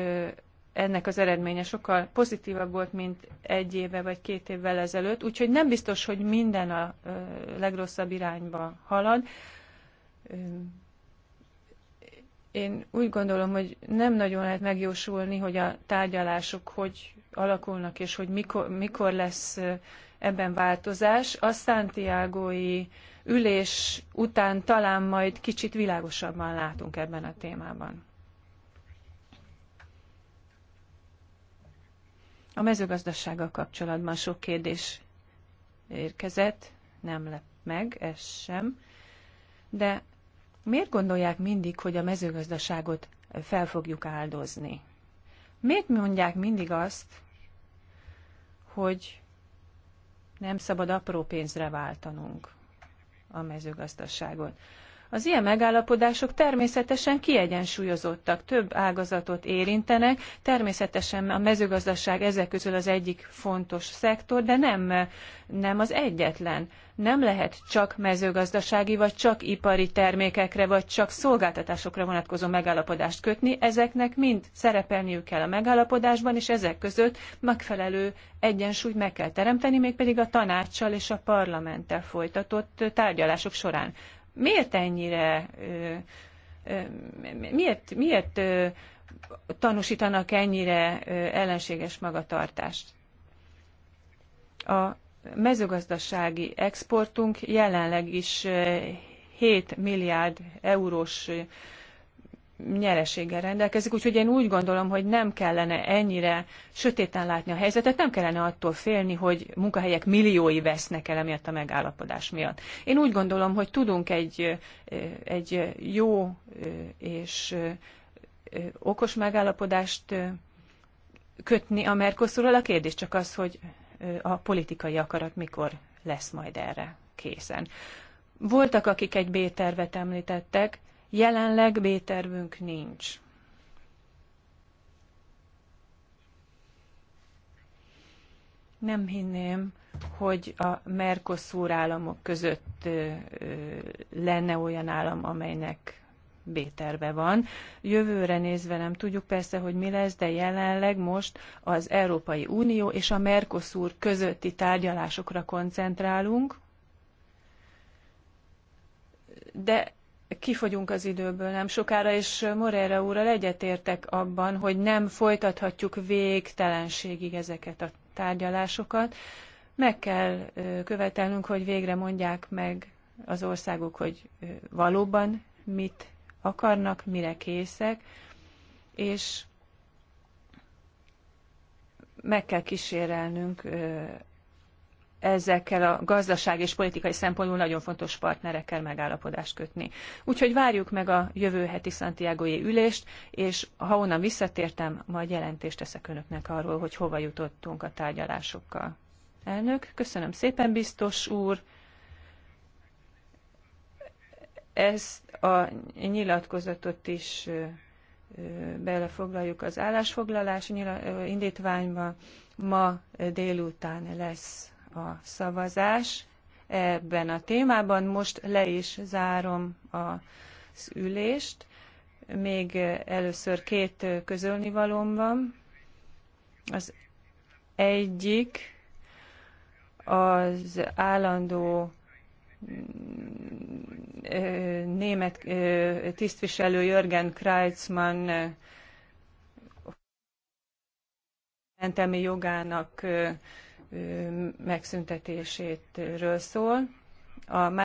ennek az eredménye sokkal pozitívabb volt, mint egy éve vagy két évvel ezelőtt, úgyhogy nem biztos, hogy minden a legrosszabb irányba halad. Én úgy gondolom, hogy nem nagyon lehet megjósolni, hogy a tárgyalások hogy alakulnak, és hogy mikor, mikor lesz ebben változás. A Santiago-i ülés után talán majd kicsit világosabban látunk ebben a témában. A mezőgazdasággal kapcsolatban sok kérdés érkezett, nem lep meg, ez sem. De miért gondolják mindig, hogy a mezőgazdaságot fel fogjuk áldozni? Miért mondják mindig azt, hogy nem szabad apró pénzre váltanunk a mezőgazdaságot? Az ilyen megállapodások természetesen kiegyensúlyozottak, több ágazatot érintenek, természetesen a mezőgazdaság ezek közül az egyik fontos szektor, de nem, nem az egyetlen. Nem lehet csak mezőgazdasági, vagy csak ipari termékekre, vagy csak szolgáltatásokra vonatkozó megállapodást kötni. Ezeknek mind szerepelniük kell a megállapodásban, és ezek között megfelelő egyensúlyt meg kell teremteni, mégpedig a tanácssal és a parlamenttel folytatott tárgyalások során miért ennyire, miért, miért tanúsítanak ennyire ellenséges magatartást? A mezőgazdasági exportunk jelenleg is 7 milliárd eurós nyereséggel rendelkezik, úgyhogy én úgy gondolom, hogy nem kellene ennyire sötéten látni a helyzetet, nem kellene attól félni, hogy munkahelyek milliói vesznek el emiatt a megállapodás miatt. Én úgy gondolom, hogy tudunk egy, egy jó és okos megállapodást kötni a Mercosurral. A kérdés csak az, hogy a politikai akarat mikor lesz majd erre készen. Voltak, akik egy B-tervet említettek, Jelenleg B-tervünk nincs. Nem hinném, hogy a Mercosur államok között lenne olyan állam, amelynek B-terve van. Jövőre nézve nem tudjuk persze, hogy mi lesz, de jelenleg most az Európai Unió és a Mercosur közötti tárgyalásokra koncentrálunk. De kifogyunk az időből nem sokára, és Moreira úrral egyetértek abban, hogy nem folytathatjuk végtelenségig ezeket a tárgyalásokat. Meg kell követelnünk, hogy végre mondják meg az országok, hogy valóban mit akarnak, mire készek, és meg kell kísérelnünk ezekkel a gazdaság és politikai szempontból nagyon fontos partnerekkel megállapodást kötni. Úgyhogy várjuk meg a jövő heti santiago ülést, és ha onnan visszatértem, majd jelentést teszek önöknek arról, hogy hova jutottunk a tárgyalásokkal. Elnök, köszönöm szépen, biztos úr. Ezt a nyilatkozatot is belefoglaljuk az állásfoglalás indítványba. Ma délután lesz a szavazás ebben a témában. Most le is zárom az ülést. Még először két közölnivalom van. Az egyik az állandó német tisztviselő Jörgen Kreitzmann mentelmi jogának megszüntetésétről szól. A